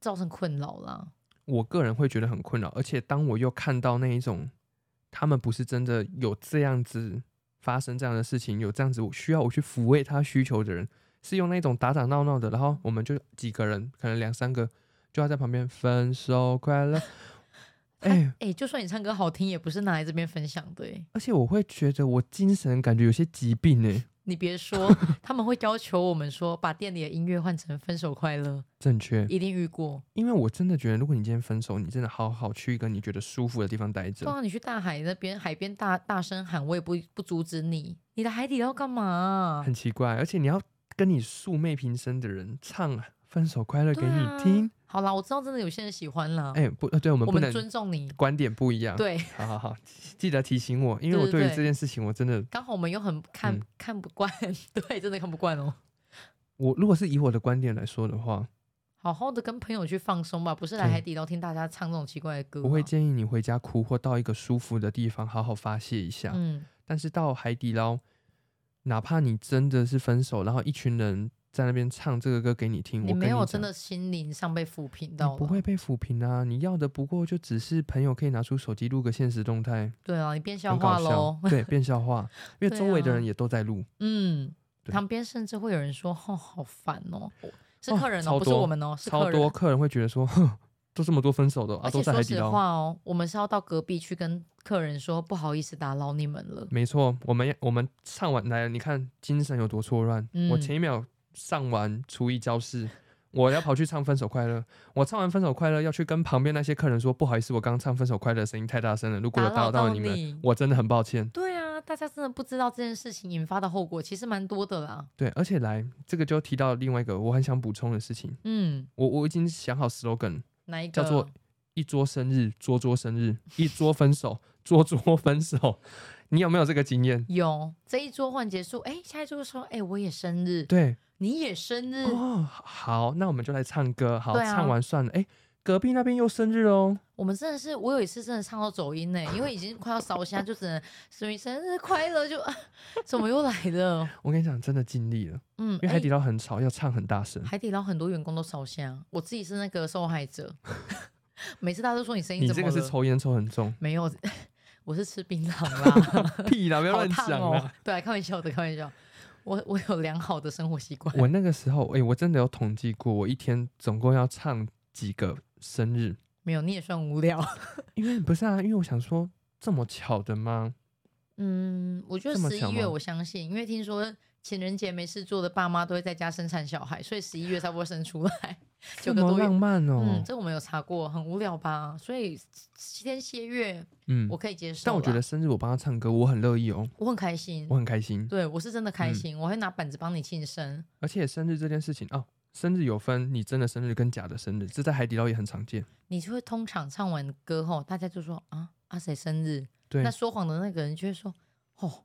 造成困擾了。我個人會覺得很困擾，而且當我又看到那一種，他們不是真的有這樣子發生這樣的事情，有這樣子需要我去撫慰他需求的人，是用那一種打打鬧鬧的，然後我們就幾個人，可能兩三個，就要在旁邊分手快樂。 [laughs] 哎、欸欸、就算你唱歌好聽，也不是拿來這邊分享的、欸、而且我會覺得我精神感覺有些疾病哎、欸。你別說， [laughs] 他們會要求我們說把店裡的音樂換成《分手快樂》。正確，一定遇過。因為我真的覺得，如果你今天分手，你真的好好去一個你覺得舒服的地方待着。不然、啊、你去大海那邊，海邊大大聲喊，我也不不阻止你。你的海底撈幹嘛？很奇怪，而且你要跟你素昧平生的人唱《分手快樂》給你聽。好啦，我知道真的有些人喜歡啦。哎、欸，不，對我們不能，我們尊重你觀點不一樣。對，好好好，記得提醒我，因為我對於這件事情對對對，我真的剛好我們又很看，嗯、看不慣，對，真的看不慣哦。我如果是以我的觀點來說的話，好好的跟朋友去放鬆吧，不是來海底撈聽大家唱這種奇怪的歌，嗯。我會建議你回家哭，或到一個舒服的地方好好發洩一下。嗯，但是到海底撈，哪怕你真的是分手，然後一群人。在那邊唱這個歌給你聽，你沒有，我跟你講真的心靈上被撫平到，不會被撫平啊！你要的不過就只是朋友可以拿出手機錄個現實動態，對啊，你變笑話嘍，對，變笑話、 [laughs] 啊，因為周圍的人也都在錄、啊，嗯，旁邊甚至會有人說：“哦，好煩哦、喔，是客人、喔、哦超多，不是我們哦、喔，超多客人會覺得說，哼，都這麼多分手的啊，都在海底撈話哦，我們是要到隔壁去跟客人說不好意思打擾你們了，沒錯，我們我們唱完來了，你看精神有多錯亂、嗯，我前一秒。上完廚藝教室，我要跑去唱《分手快樂。》 [laughs] 我唱完《分手快樂》，要去跟旁邊那些客人說：“不好意思，我剛剛唱《分手快樂》聲音太大聲了，如果有打擾到你們到你，我真的很抱歉。”對啊，大家真的不知道這件事情引發的後果其實蠻多的啦。對，而且來這個就提到另外一個我很想補充的事情。嗯，我我已經想好 slogan，哪一個叫做“一桌生日，桌桌生日；一桌分手， [laughs] 桌桌分手”。你有沒有這個經驗？有這一桌換結束，哎，下一桌說：“哎，我也生日。”對。你也生日哦，好，那我們就來唱歌，好，啊，唱完算了。哎，欸，隔壁那邊又生日哦、喔。我們真的是，我有一次真的唱到走音呢，欸，因為已經快要燒香， [laughs] 就只能所以生日快樂。就，啊，怎麼又來了？我跟你講，真的盡力了，嗯，欸、因為海底撈很吵，要唱很大聲，欸。海底撈很多員工都燒香，我自己是那個受害者。 [laughs] 每次大家都說你聲音怎麼你這個是抽煙抽很重？沒有，我是吃檳榔啦。 [laughs] 屁啦，不要亂講哦。喔， [laughs] 對，開玩笑的，開玩笑。我我有良好的生活習慣。我那個時候，誒、欸，我真的有統計過，我一天總共要唱幾個生日？沒有，你也算無聊。 [laughs] 因為不是啊，因為我想說，這麼巧的嗎？嗯，我覺得十一月，我相信，因為聽說。情人節沒事做的爸媽都會在家生產小孩，所以十一月才會生出來就很浪漫哦。 [laughs] 嗯，這我沒有查過，很無聊吧？所以七天歇月，嗯，我可以接受。但我覺得生日我幫他唱歌，我很樂意哦，我很開心，我很開心。對，我是真的開心，嗯、我會拿板子幫你慶生。而且生日這件事情哦，生日有分你真的生日跟假的生日，這在海底撈也很常見。你就會通常唱完歌後，大家就說啊，阿、啊、誰生日？對，那說謊的那個人就會說，哦，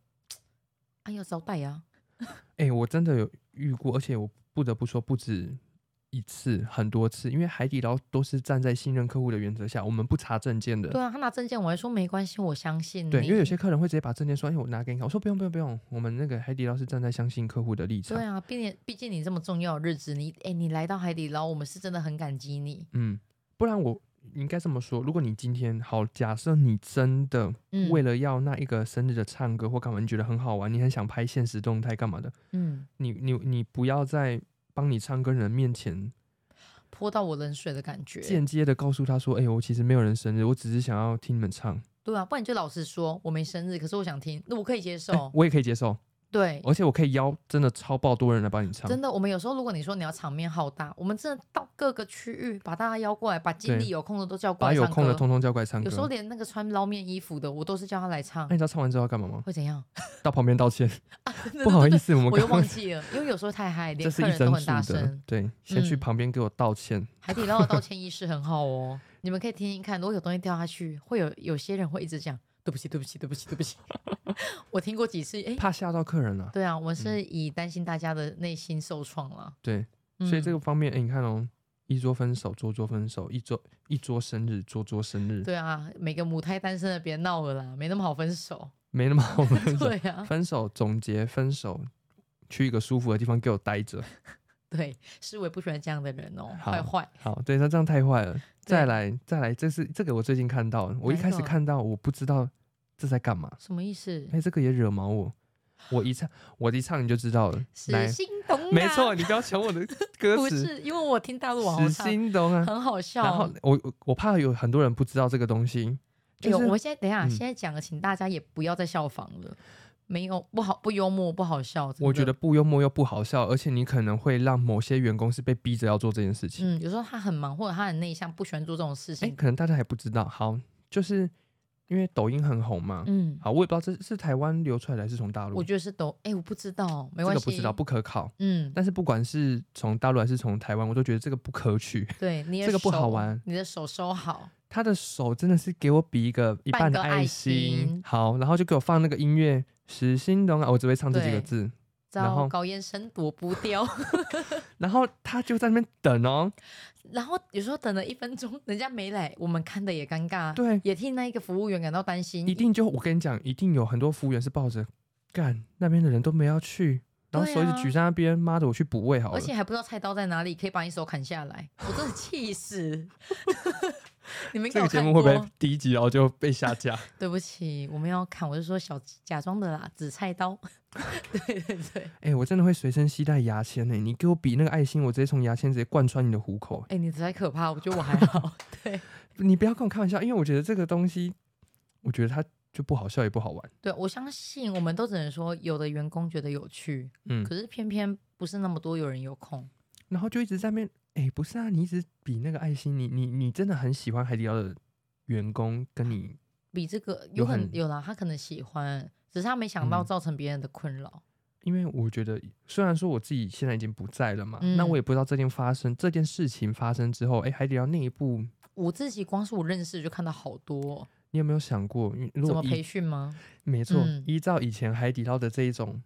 啊要招待啊。哎、欸，我真的有遇過，而且我不得不說不止一次，很多次。因為海底撈都是站在信任客戶的原則下，我們不查證件的。對啊，他拿證件，我還說沒關係，我相信你。對，因為有些客人會直接把證件說，哎、欸，我拿給你看。我說不用不用不用，我們那個海底撈是站在相信客戶的立場。對啊，畢竟畢竟你這麼重要的日子，你哎、欸、你來到海底撈，我們是真的很感激你。嗯，不然我。你應該這麼說，如果你今天好，假設你真的為了要那一個生日的唱歌或幹嘛，嗯，你覺得很好玩，你很想拍現實動態幹嘛的，嗯，你你你不要在幫你唱歌人面前潑到我冷水的感覺，間接的告訴他說，哎、欸，我其實沒有人生日，我只是想要聽你們唱。對啊，不然你就老實說，我沒生日，可是我想聽，那我可以接受、欸，我也可以接受。對，而且我可以邀真的超爆多人來幫你唱。真的，我們有時候如果你說你要場面好大，我們真的到各個區域把大家邀過來，把經理有空的都叫過來唱歌。把有空的通通叫過來唱歌。有時候連那個穿撈麵衣服的，我都是叫他來唱。那你知道唱完之後幹嘛嗎？會怎樣？到旁邊道歉。 [laughs] 啊、 [laughs] 不好意思 [laughs] 對對對，我又忘記了，因為有時候太嗨，連客人都很大聲，這是一生大的。對，先去旁邊給我道歉。嗯、 [laughs] 海底撈的道歉意識很好哦， [laughs] 你們可以聽聽看，如果有東西掉下去，會有有些人會一直講。對不起，對不起，對不起，對不起， [laughs] 我聽過幾次，誒怕嚇到客人了，啊。對啊，我是以擔心大家的內心受創了。嗯、對，所以這個方面誒，你看哦，一桌分手，桌桌分手，一桌一桌生日，桌桌生日。對啊，每個母胎單身的別鬧了啦，沒那麼好分手，沒那麼好分手。 [laughs] 對啊、分手總結，分手，去一個舒服的地方給我待着。對，是我也不喜歡這樣的人哦、喔，壞壞。好，對，那這樣太壞了。再來，再來，這是這個我最近看到，我一開始看到我不知道這在幹嘛，什麼意思？哎、欸，這個也惹毛我，我一唱， [laughs] 我一唱你就知道了。來，是心動啊？沒錯，你不要搶我的歌詞， [laughs] 不是，因為我聽大陸網紅唱，是心動啊，很好笑。然後我我怕有很多人不知道這個東西，對、就是欸，我現在等一下，嗯、現在講，請大家也不要再效仿了。沒有不好不幽默不好笑，我覺得不幽默又不好笑，而且你可能會讓某些員工是被逼着要做這件事情。嗯，有時候他很忙或者他很內向，不喜歡做這種事情。可能大家還不知道。好，就是因為抖音很紅嘛。嗯，好，我也不知道這是台灣流出來的還是從大陸。我覺得是抖，哎，我不知道，沒關係，這個、不知道不可考。嗯，但是不管是從大陸還是從台灣，我都覺得這個不可取。對，你也、這個不好玩，你的手收好。他的手真的是給我比一個一半的愛心愛。好，然後就給我放那個音樂。是心動啊！我只會唱這幾個字。然後搞眼神躲不掉。 [laughs] 然後他就在那邊等哦。然後有時候等了一分鐘，人家沒來，我們看得也尷尬。對，也替那一個服務員感到擔心。一定就我跟你講，一定有很多服務員是抱着幹那邊的人都沒要去，然後手一直舉在那邊，啊、媽的，我去補位好了。而且還不知道菜刀在哪裡，可以把你手砍下來，我真的氣死。 [laughs] [laughs] 你們這個節目會不會第一集然後就被下架？ [laughs] 對不起，我們要看，我是說小假裝的啦，紫菜刀。 [laughs] 對對對，誒、欸，我真的會隨身攜帶牙籤呢、欸。你給我比那個愛心，我直接從牙籤直接貫穿你的虎口。誒、欸，你才可怕，我覺得我還好。 [laughs] 對，你不要跟我開玩笑，因為我覺得這個東西，我覺得它就不好笑也不好玩。對，我相信我們都只能說，有的員工覺得有趣，嗯，可是偏偏不是那麼多有人有空，然後就一直在面。哎，不是啊，你一直比那個愛心，你你你真的很喜歡海底撈的員工，跟你比這個有很，有，很有啦，他可能喜歡，只是他沒想到造成別人的困擾。嗯、因為我覺得，雖然說我自己現在已經不在了嘛，嗯、那我也不知道這件發生這件事情發生之後，哎，海底撈內部，我自己光是我認識就看到好多、哦。你有沒有想過如果，怎麼培訓嗎？沒錯，嗯、依照以前海底撈的這一種。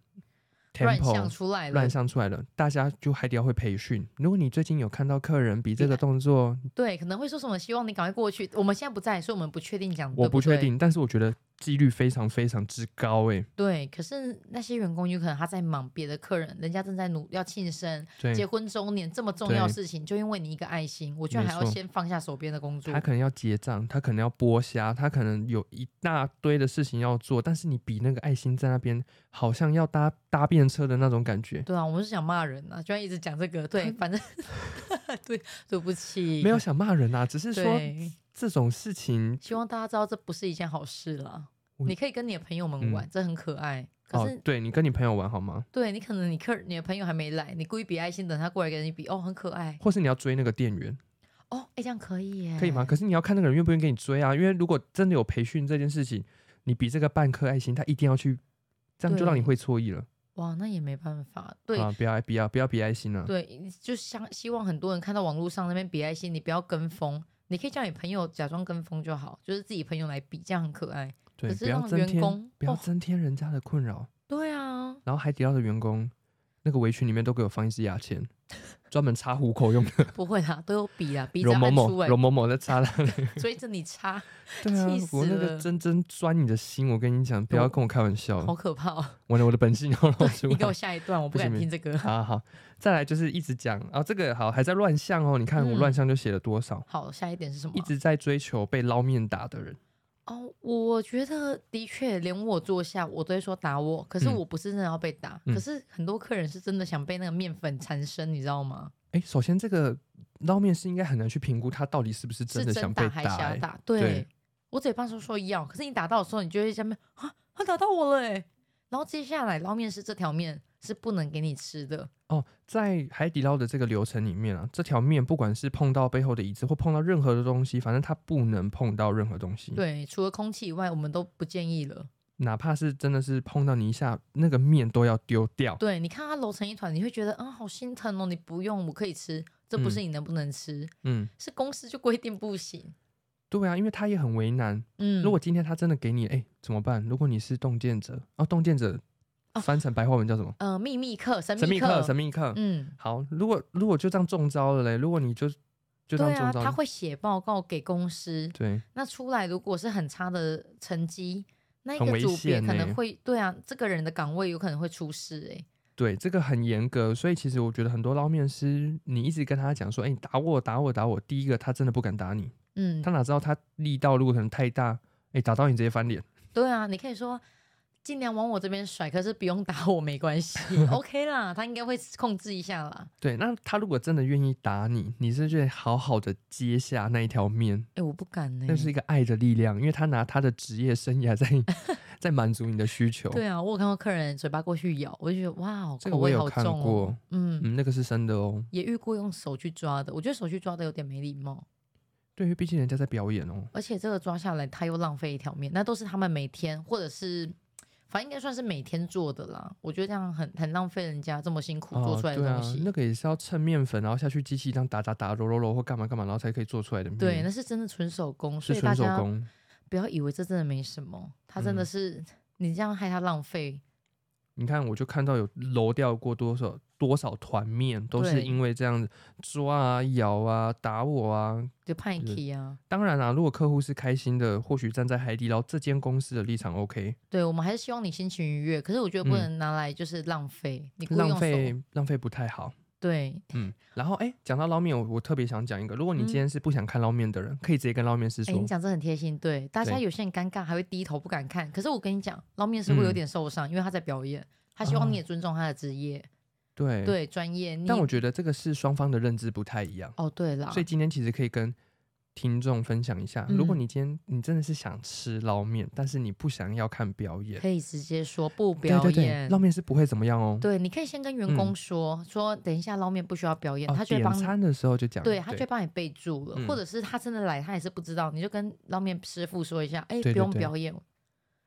Tempo, 亂象出來了，亂象出來了。大家就海底撈會培訓。如果你最近有看到客人比這個動作，對，可能會說什麼？希望你趕快過去。我們現在不在，所以我們不確定講。我不確定，對對，但是我覺得。幾率非常非常之高哎、欸，對。可是那些員工有可能他在忙別的客人，人家正在努要慶生、結婚週年這麼重要的事情，就因為你一個愛心，我居然還要先放下手邊的工作。他可能要結賬，他可能要剝蝦，他可能有一大堆的事情要做。但是你比那個愛心在那邊，好像要搭搭便車的那種感覺。對啊，我們是想罵人啊，居然一直講這個。嗯、對，反正 [laughs] 對，對不起，沒有想罵人啊，只是說。這種事情，希望大家知道這不是一件好事啦。你可以跟你的朋友們玩，嗯、這很可愛。可是，哦、對，你跟你朋友玩好嗎？對，你可能你客你的朋友還沒來，你故意比愛心，等他過來跟你比哦，很可愛。或是你要追那個店員哦，誒，這樣可以耶？可以嗎？可是你要看那個人願不願意給你追啊。因為如果真的有培訓這件事情，你比這個半顆愛心，他一定要去，這樣就讓你會錯意了。哇，那也沒辦法，對啊，不要比啊，不要，不要比愛心了、啊。對，就想，希望很多人看到網絡上那邊比愛心，你不要跟風。你可以叫你朋友假裝跟風就好，就是自己朋友來比，這樣很可愛。對，可是不要增添、哦，不要增添人家的困擾。對啊，然後海底撈的員工。那個圍裙裡面都給我放一支牙籤，專 [laughs] 門擦虎口用的。不會啦、啊，都有筆啊，筆拿某某，龍某某在擦了，追着你擦。對啊，氣死，我那個真真鑽你的心，我跟你講，不要跟我開玩笑，好可怕、喔。我的我的本性， [laughs] 你給我下一段，我不敢聽這個。好、啊、好，再來就是一直講啊、哦，這個好還在亂象哦，你看我亂象就寫了多少、嗯。好，下一點是什麼？一直在追求被撈麵打的人。哦、oh,，我覺得的確，連我坐下，我都會說打我。可是我不是真的要被打，嗯、可是很多客人是真的想被那個麵粉纏身、嗯，你知道嗎？哎、欸，首先這個撈麵師應該很難去評估它到底是不是真的想被打、欸。是打還想要打，對,對我嘴巴說說一樣，可是你打到的時候，你就會想啊，他打到我了、欸、然後接下來撈麵師這條面。是不能給你吃的哦，在海底撈的這個流程裡面啊，這條麵不管是碰到背後的椅子，或碰到任何的東西，反正它不能碰到任何東西。對，除了空氣以外，我們都不建議了。哪怕是真的是碰到你一下，那個麵都要丟掉。對，你看它揉成一團，你會覺得啊、嗯，好心疼哦。你不用，我可以吃，這不是你能不能吃，嗯，是公司就規定不行。對啊，因為他也很為難，嗯，如果今天他真的給你，誒，怎麼辦？如果你是動見者，哦，動見者。哦、翻成白話文叫什麼？呃，秘密客、神秘客，神秘客。嗯，好，如果如果就這樣中招了嘞，如果你就就這樣中招，啊，他會寫報告給公司。對，那出來如果是很差的成績，那一個主編可能會很危險，欸，對啊，這個人的崗位有可能會出事哎，欸。對，這個很嚴格，所以其實我覺得很多撈麵師，你一直跟他講說，你，欸，打我，打我，打我，第一個他真的不敢打你。嗯，他哪知道他力道如果可能太大，哎，欸，打到你直接翻臉。對啊，你可以說。儘量往我這邊甩，可是不用打我沒關係 [laughs] ，OK 啦。他應該會控制一下啦。對，那他如果真的願意打你，你是不是覺得好好的接下那一條麵？哎、欸，我不敢呢、欸。那是一個愛的力量，因為他拿他的職業生涯在在滿足你的需求。 [laughs] 對啊，我有看到客人嘴巴過去咬，我就覺得哇，口味好重哦、喔，這個我有看過。嗯嗯，那個是生的哦、喔。也遇過用手去抓的，我覺得手去抓的有點沒禮貌。對，畢竟人家在表演哦、喔。而且這個抓下來，他又浪費一條麵，那都是他們每天或者是。反正應該算是每天做的啦，我覺得這樣很很浪費人家這麼辛苦做出來的東西。哦對啊，那個也是要蹭麵粉，然後下去機器這樣打打打，揉揉揉或幹嘛幹嘛，然後才可以做出來的。對，那是真的純手工，是純手工，所以大家不要以為這真的沒什麼，它真的是、嗯、你這樣害它浪費。你看，我就看到有揉掉過多少，多少團麵都是因為這樣子抓啊、咬啊、打我啊，就叛、是、逆期啊。當然啦、啊，如果客戶是開心的，或許站在海底撈這間公司的立場，OK。對，我們還是希望你心情愉悅。可是我覺得不能拿來就是浪費，嗯、你浪費浪費不太好。對，嗯。然後哎，講到撈麵，我我特別想講一個，如果你今天是不想看撈麵的人，嗯、可以直接跟撈麵師說。哎，你講這很貼心。對，大家有些人尷尬，還會低頭不敢看。可是我跟你講，撈麵師會有點受傷、嗯，因為他在表演，他希望你也尊重他的職業。啊對對，專業。但我覺得這個是雙方的認知不太一樣。哦，對了，所以今天其實可以跟聽眾分享一下：嗯、如果你今天你真的是想吃撈麵，但是你不想要看表演，可以直接說不表演。對對對，撈麵是不會怎麼樣哦。對，你可以先跟員工說、嗯、說，等一下撈麵不需要表演。哦、他去點餐的時候就講。對，他去幫你備注了，或者是他真的來，他也是不知道，嗯、你就跟撈麵師傅說一下，哎，不用表演。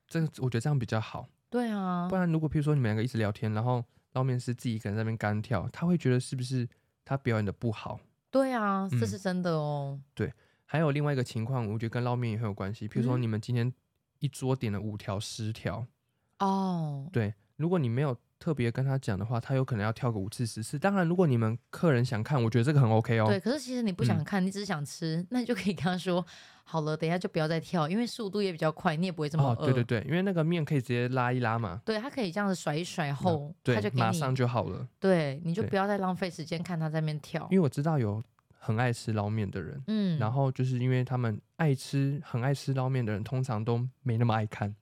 這個我覺得這樣比較好。對啊，不然如果譬如說你們兩個一直聊天，然後。撈面師自己一個人在那邊乾跳，他會覺得是不是他表演的不好？對啊，這是真的哦。嗯、對，還有另外一個情況，我覺得跟撈面也很有關係。比如說，你們今天一桌點了五條、十條哦。對，如果你沒有。特別跟他講的話，他有可能要跳個五次十次。當然，如果你們客人想看，我覺得這個很 OK 哦、喔。對，可是其實你不想看、嗯，你只想吃，那你就可以跟他說，好了，等一下就不要再跳，因為速度也比較快，你也不會這麼餓。哦，對對對，因為那個麵可以直接拉一拉嘛。對，它可以這樣子甩一甩後，它、嗯、就馬上就好了。對，你就不要再浪費時間看他在那邊跳。因為我知道有很愛吃撈麵的人，嗯，然後就是因為他們愛吃、很愛吃撈麵的人，通常都沒那麼愛看。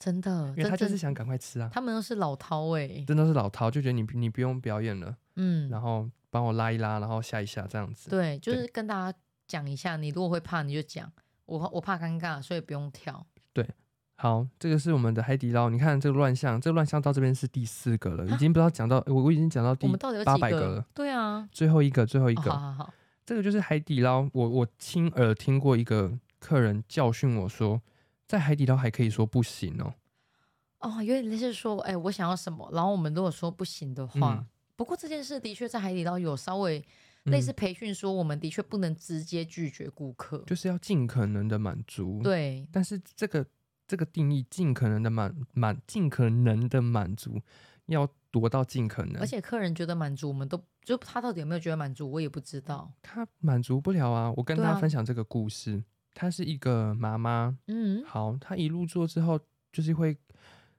真的，因為他就是想趕快吃啊。他們都是老饕哎、欸，真的是老饕，就覺得你你不用表演了，嗯，然後幫我拉一拉，然後嚇一嚇這樣子。對，就是跟大家講一下，你如果會怕，你就講我我怕尷尬，所以不用跳。對，好，這個是我們的海底撈，你看這個亂象，這個亂象到這邊是第四個了，已經不知道講到我、啊、我已經講到第八百個了個，對啊，最後一個最後一個，哦、好,好,好，這個就是海底撈，我我親耳聽過一個客人教訓我說。在海底撈還可以說不行哦，哦，有點類似說，哎，我想要什麼，然後我們如果說不行的話，嗯、不過這件事的確在海底撈有稍微、嗯、類似培訓，說我們的確不能直接拒絕顧客，就是要盡可能的滿足。對，但是這個這個定義，盡可能的滿滿，盡可能的滿足，要多到盡可能。而且客人覺得滿足，我們都就他到底有沒有覺得滿足，我也不知道。他滿足不了啊！我跟他分享這個故事。她是一個媽媽，嗯，好，她一入座之後，就是會，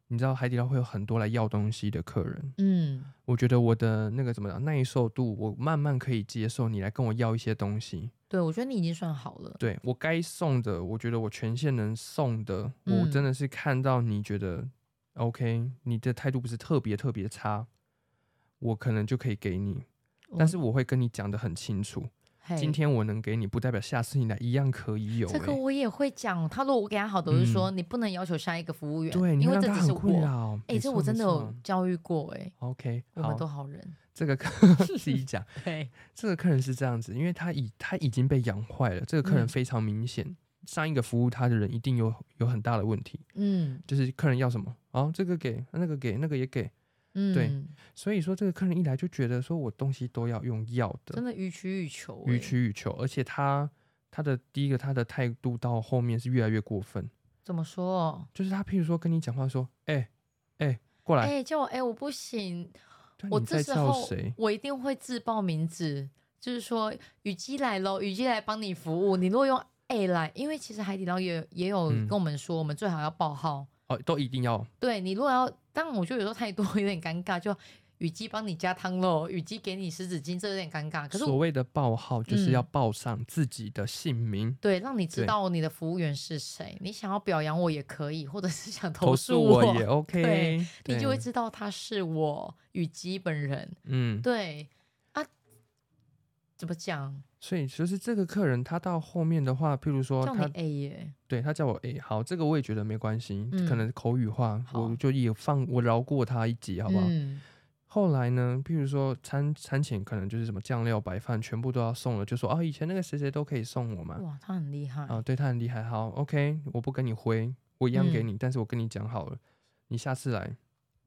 你知道海底撈會有很多來要東西的客人，嗯，我覺得我的那個怎麼講，耐受度，我慢慢可以接受你來跟我要一些東西，對，我覺得你已經算好了，對我該送的，我覺得我權限能送的，嗯，我真的是看到你覺得 OK，你的態度不是特別特別差，我可能就可以給你，但是我會跟你講的很清楚。哦今天我能給你，不代表下次你來一樣可以有，欸。這個我也會講。他如果我給他好的，就、嗯、說你不能要求下一個服務員，對，因為這只是我。哎、啊欸，這我真的有教育過哎、欸。OK，我們都好人。這個客人自己講。這個客人是這樣子，因為他已他已經被養壞了。這個客人非常明顯，嗯，上一個服務他的人一定有有很大的問題。嗯，就是客人要什麼，哦，這個給，啊，那個給，那個也給。嗯，對，所以說這個客人一來就覺得說我東西都要用藥的，真的予取予求、欸，予取予求。而且他他的第一個他的態度到後面是越來越過分。怎麼說？就是他譬如說跟你講話說，哎、欸、哎、欸、過來，哎、欸、叫我哎、欸、我不行誰，我這時候我一定會自報名字，就是說雨姬來嘍，雨姬來幫你服務。你如果用 A 來，因為其實海底撈也也有跟我們說、嗯，我們最好要報號哦，都一定要。對，你如果要。但我覺得有時候太多，有點尷尬。就雨姬幫你加湯嘍，雨姬給你濕紙巾，這有點尷尬。可是所謂的報號就是要報上自己的姓名，嗯、對，讓你知道你的服務員是誰。你想要表揚我也可以，或者是想投訴我，投訴我也 OK，對對，你就會知道他是我雨姬本人。嗯，對啊，怎麼講？所以就是這個客人，他到後面的話，譬如說他叫我、欸、對，他叫我 A 好，這個我也覺得沒關係，嗯、可能口語化，我就也放我饒過他一劫，好不好、嗯？後來呢，譬如說餐餐前可能就是什麼醬料白飯，全部都要送了，就說啊、哦，以前那個誰誰都可以送我嘛。哇，他很厲害啊、哦，對，他很厲害。好，OK，我不跟你回，我一樣給你、嗯，但是我跟你講好了，你下次來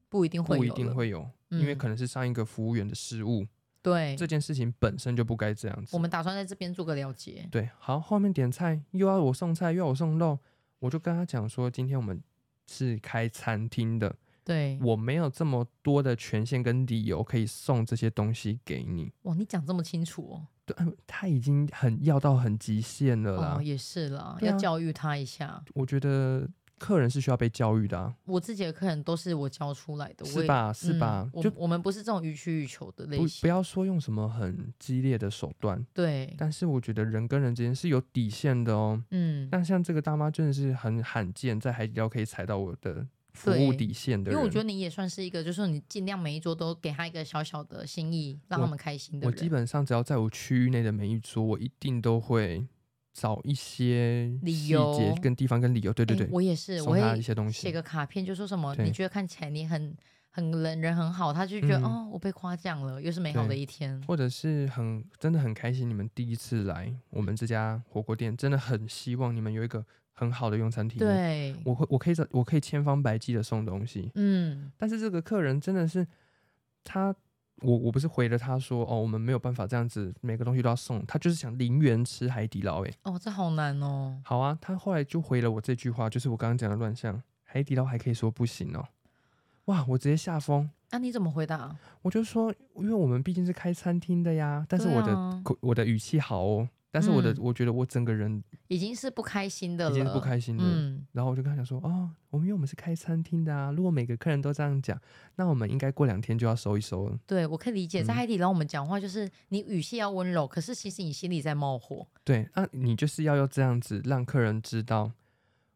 不一定會有，不一定會有，因為可能是上一個服務員的失誤。嗯對這件事情本身就不該這樣子。我們打算在這邊做個了解。對，好，後面點菜又要我送菜，又要我送肉，我就跟他講說，今天我們是開餐廳的，對，我沒有這麼多的權限跟理由可以送這些東西給你。哇，你講這麼清楚哦。對，他已經很要到很極限了啦。哦，也是啦，啊，要教育他一下。我覺得。客人是需要被教育的，啊，我自己的客人都是我教出來的，是吧？我是吧？嗯、我就我，我們不是這種予取予求的類型，不要說用什麼很激烈的手段。對，但是我覺得人跟人之間是有底線的哦，喔。嗯，那像這個大媽真的是很罕見，在海底撈可以踩到我的服務底線的人。因為我覺得你也算是一個，就是你盡量每一桌都給他一個小小的心意，讓他們開心的人。我，我基本上只要在我區域內的每一桌，我一定都會。找一些理由跟地方跟理由，理由對對對，我也是，我會一些東西，寫個卡片就說什麼，你覺得看起來你很很人人很好，他就覺得、嗯、哦，我被誇獎了，又是美好的一天，或者是很真的很開心，你們第一次來我們這家火鍋店，真的很希望你們有一個很好的用餐體驗。對，我會我可以我可以千方百計的送東西，嗯，但是這個客人真的是他。我我不是回了他說哦，我們沒有辦法這樣子，每個東西都要送。他就是想零元吃海底撈哎。哦，這好難哦。好啊，他後來就回了我這句話，就是我剛剛講的亂象。海底撈還可以說不行哦。哇，我直接下風。那、啊、你怎麼回答？我就說，因為我們畢竟是開餐廳的呀。但是我的、啊、我的語氣好哦。但是我的、嗯，我覺得我整個人已經是不開心的了。已經是不開心的。嗯。然後我就跟他講說哦，我們因為我們是開餐廳的啊，如果每個客人都這樣講，那我們應該過兩天就要收一收了。對，我可以理解，在海底撈我們講話就是你語氣要溫柔，可是其實你心裡在冒火。嗯、對，那、啊、你就是要用這樣子讓客人知道，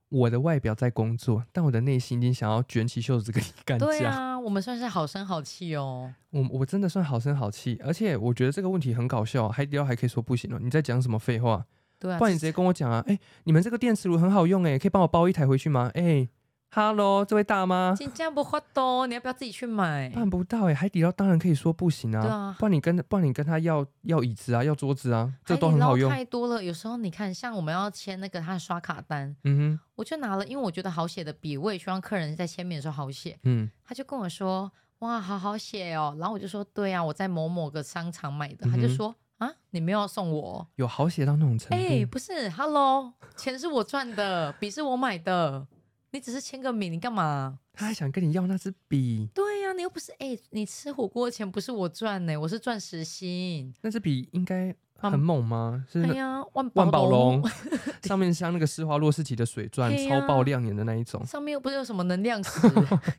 我的外表在工作，但我的內心已經想要卷起袖子跟你幹架。我們算是好聲好氣哦，我我真的算好聲好氣，而且我覺得這個問題很搞笑，海底撈還可以說不行了，你在講什麼廢話？對啊，不然你直接跟我講啊，誒、欸，你們這個電磁爐很好用誒、欸，可以幫我包一台回去嗎？誒、欸。哈嘍，這位大媽，新疆不花多，你要不要自己去買？辦不到哎、欸，海底撈當然可以說不行啊。對啊，不然你跟不然你跟他要要椅子啊，要桌子啊，海底撈這都很好用。太多了。有時候你看，像我們要簽那個他的刷卡單，嗯哼，我就拿了，因為我覺得好寫的筆，我也希望客人在簽名的時候好寫。嗯，他就跟我說，哇，好好寫哦。然後我就說，對啊，我在某某個商場買的。嗯、他就說，啊，你沒有要送我？有好寫到那種程度？哎、欸，不是，哈嘍，錢是我賺的， [laughs] 筆是我買的。你只是簽個名，你幹嘛？他還想跟你要那支筆？對呀、啊，你又不是哎、欸，你吃火鍋的錢不是我賺呢、欸，我是賺時薪。那支筆應該很猛嗎？啊、是呀，萬寶龍， [laughs] 上面鑲那個施華洛世奇的水鑽、啊，超爆亮眼的那一種。上面又不是有什麼能量石，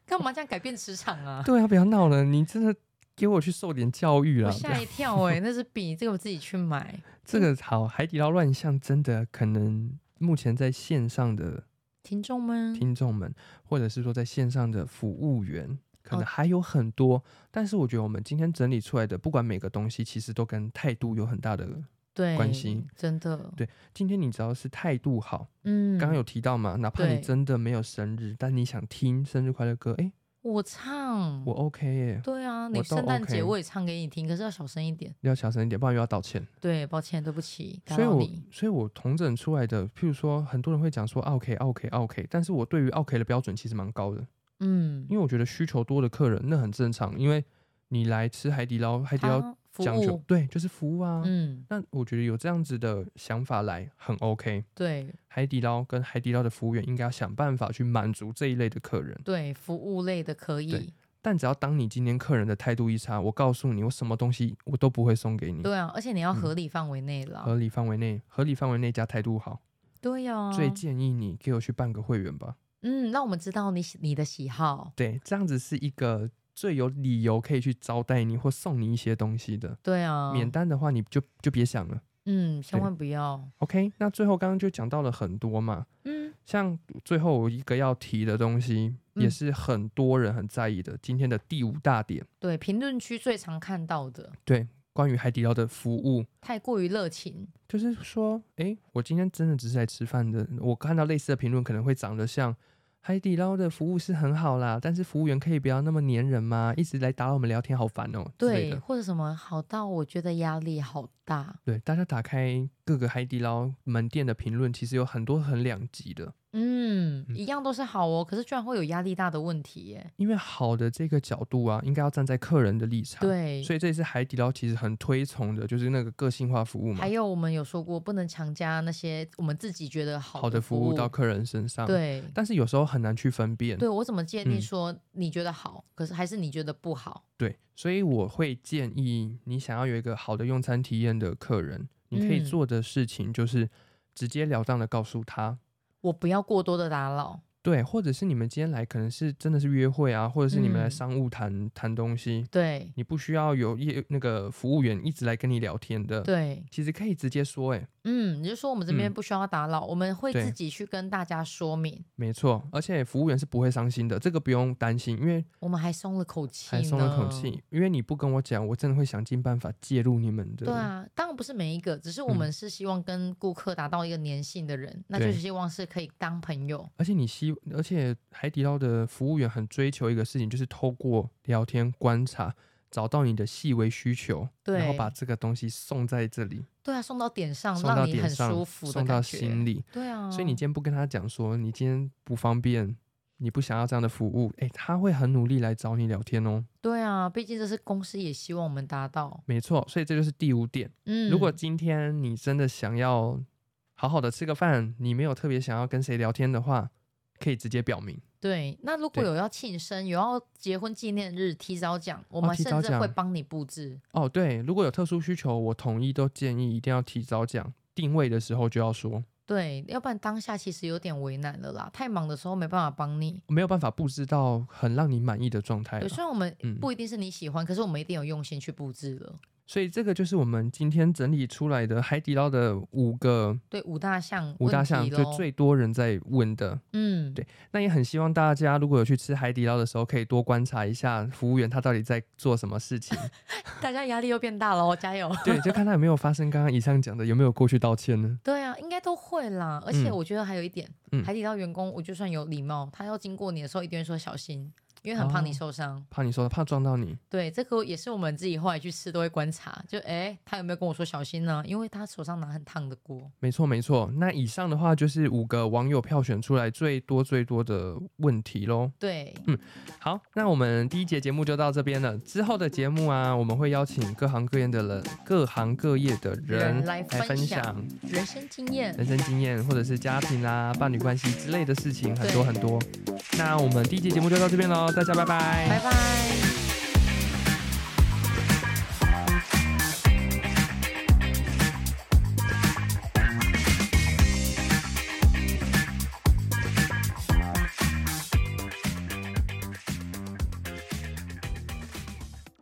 幹 [laughs] 嘛這樣改變磁場啊？ [laughs] 對啊，不要鬧了，你真的給我去受點教育啦。嚇一跳哎、欸， [laughs] 那支筆這個我自己去買。這個好，海底撈亂象真的可能目前在線上的。聽眾們，聽眾們，或者是說在線上的服務員，可能還有很多。哦，但是我覺得我們今天整理出來的，不管每個東西，其實都跟態度有很大的關係。對，真的，對，今天你只要是態度好，嗯，剛剛有提到嘛，哪怕你真的沒有生日，但你想聽生日快樂歌，誒。我唱，我 OK，欸、對啊，你聖誕節我也唱給你聽，okay，可是要小聲一點，你要小聲一點，不然又要道歉。對，抱歉，對不起，所以我，所以我統整出來的，譬如說，很多人會講說 OK，OK，OK，okay, okay, okay, 但是我對於 OK 的標準其實蠻高的，嗯，因為我覺得需求多的客人那很正常，因為。你來吃海底撈，海底撈講究、啊、對，就是服務啊。嗯，那我覺得有這樣子的想法來很 OK。對，海底撈跟海底撈的服務員應該要想辦法去滿足這一類的客人。對，服務類的可以。但只要當你今天客人的態度一差，我告訴你，我什麼東西我都不會送給你。對啊，而且你要合理範圍內了，嗯，合理範圍內，合理範圍內加態度好。對啊，最建議你給我去辦個會員吧。嗯，讓我們知道你喜你的喜好。對，這樣子是一個。最有理由可以去招待你或送你一些東西的，對啊，免單的話你就就別想了，嗯，千萬不要。OK，那最後剛剛就講到了很多嘛，嗯，像最後一個要提的東西、嗯、也是很多人很在意的，今天的第五大點，對，評論區最常看到的，對，關於海底撈的服務太過於熱情，就是說，哎，我今天真的只是來吃飯的，我看到類似的評論可能會長得像。海底撈的服務是很好啦，但是服務員可以不要那麼黏人嗎？一直來打擾我們聊天，好煩哦、喔。對，或者什麼好到我覺得壓力好大。對，大家打開。各個海底撈門店的評論其實有很多很兩極的、嗯，嗯，一樣都是好哦，可是居然會有壓力大的問題耶。因為好的這個角度啊，應該要站在客人的立場，對，所以這也是海底撈其實很推崇的，就是那個個性化服務嘛。還有我們有說過，不能強加那些我們自己覺得好的，好的服務到客人身上，對。但是有時候很難去分辨，對，我怎麼建議說你覺得好、嗯，可是還是你覺得不好？對，所以我會建議你想要有一個好的用餐體驗的客人，你可以做的事情就是直截了當地告訴他，我不要過多的打擾。對，或者是你們今天來可能是真的是約會啊，或者是你們來商務談談、嗯、東西。對，你不需要有業那個服務員一直來跟你聊天的。對，其實可以直接說、欸，哎。嗯，你就說我們這邊不需要打擾、嗯，我們會自己去跟大家說明。沒錯，而且服務員是不會傷心的，這個不用擔心，因為我們還鬆了口氣。還鬆了口氣，因為你不跟我講，我真的會想盡辦法介入你們的。對啊，當然不是每一個，只是我們是希望跟顧客達到一個粘性的人，嗯、那就是希望是可以當朋友。而且你希，而且海底撈的服務員很追求一個事情，就是透過聊天觀察。找到你的細微需求，然後把這個東西送在這裡。對啊，送到點上，送到點上讓你很舒服的，送到心裡。對啊，所以你今天不跟他講說你今天不方便，你不想要這樣的服務，哎，他會很努力來找你聊天哦。對啊，畢竟這是公司也希望我們達到。沒錯，所以這就是第五點。嗯，如果今天你真的想要好好的吃個飯，你沒有特別想要跟誰聊天的話。可以直接表明，對。那如果有要慶生，有要結婚紀念日，提早講，我們甚至會幫你布置哦。哦，對，如果有特殊需求，我統一都建議一定要提早講，訂位的時候就要說。對，要不然當下其實有點為難了啦，太忙的時候沒辦法幫你，我沒有辦法布置到很讓你滿意的狀態。對，雖然我們不一定是你喜歡，嗯，可是我們一定有用心去布置了。所以這個就是我們今天整理出來的海底撈的五個對五大項，五大項就最多人在問的，嗯，對。那也很希望大家如果有去吃海底撈的時候，可以多觀察一下服務員他到底在做什麼事情。大家壓力又變大了，加油。對，就看他有沒有發生剛剛以上講的，有沒有過去道歉呢？對啊，應該都會啦。而且我覺得還有一點，嗯，嗯，海底撈員工，我就算有禮貌，他要經過你的時候一定會說小心。因為很怕你受傷。哦，怕你受，怕撞到你。對，這個也是我們自己後來去吃都會觀察，就哎，他有沒有跟我說小心呢？啊？因為他手上拿很燙的鍋。沒錯，沒錯。那以上的話就是五個網友票選出來最多最多的問題嘍。對，嗯，好，那我們第一節節目就到這邊了。之後的節目啊，我們會邀請各行各業的人，各行各業的人、啊、來分享人生經驗、人生經驗，或者是家庭啊、伴侶關係之類的事情，很多很多。那我們第一節節目就到這邊嘍。大家拜拜。拜拜。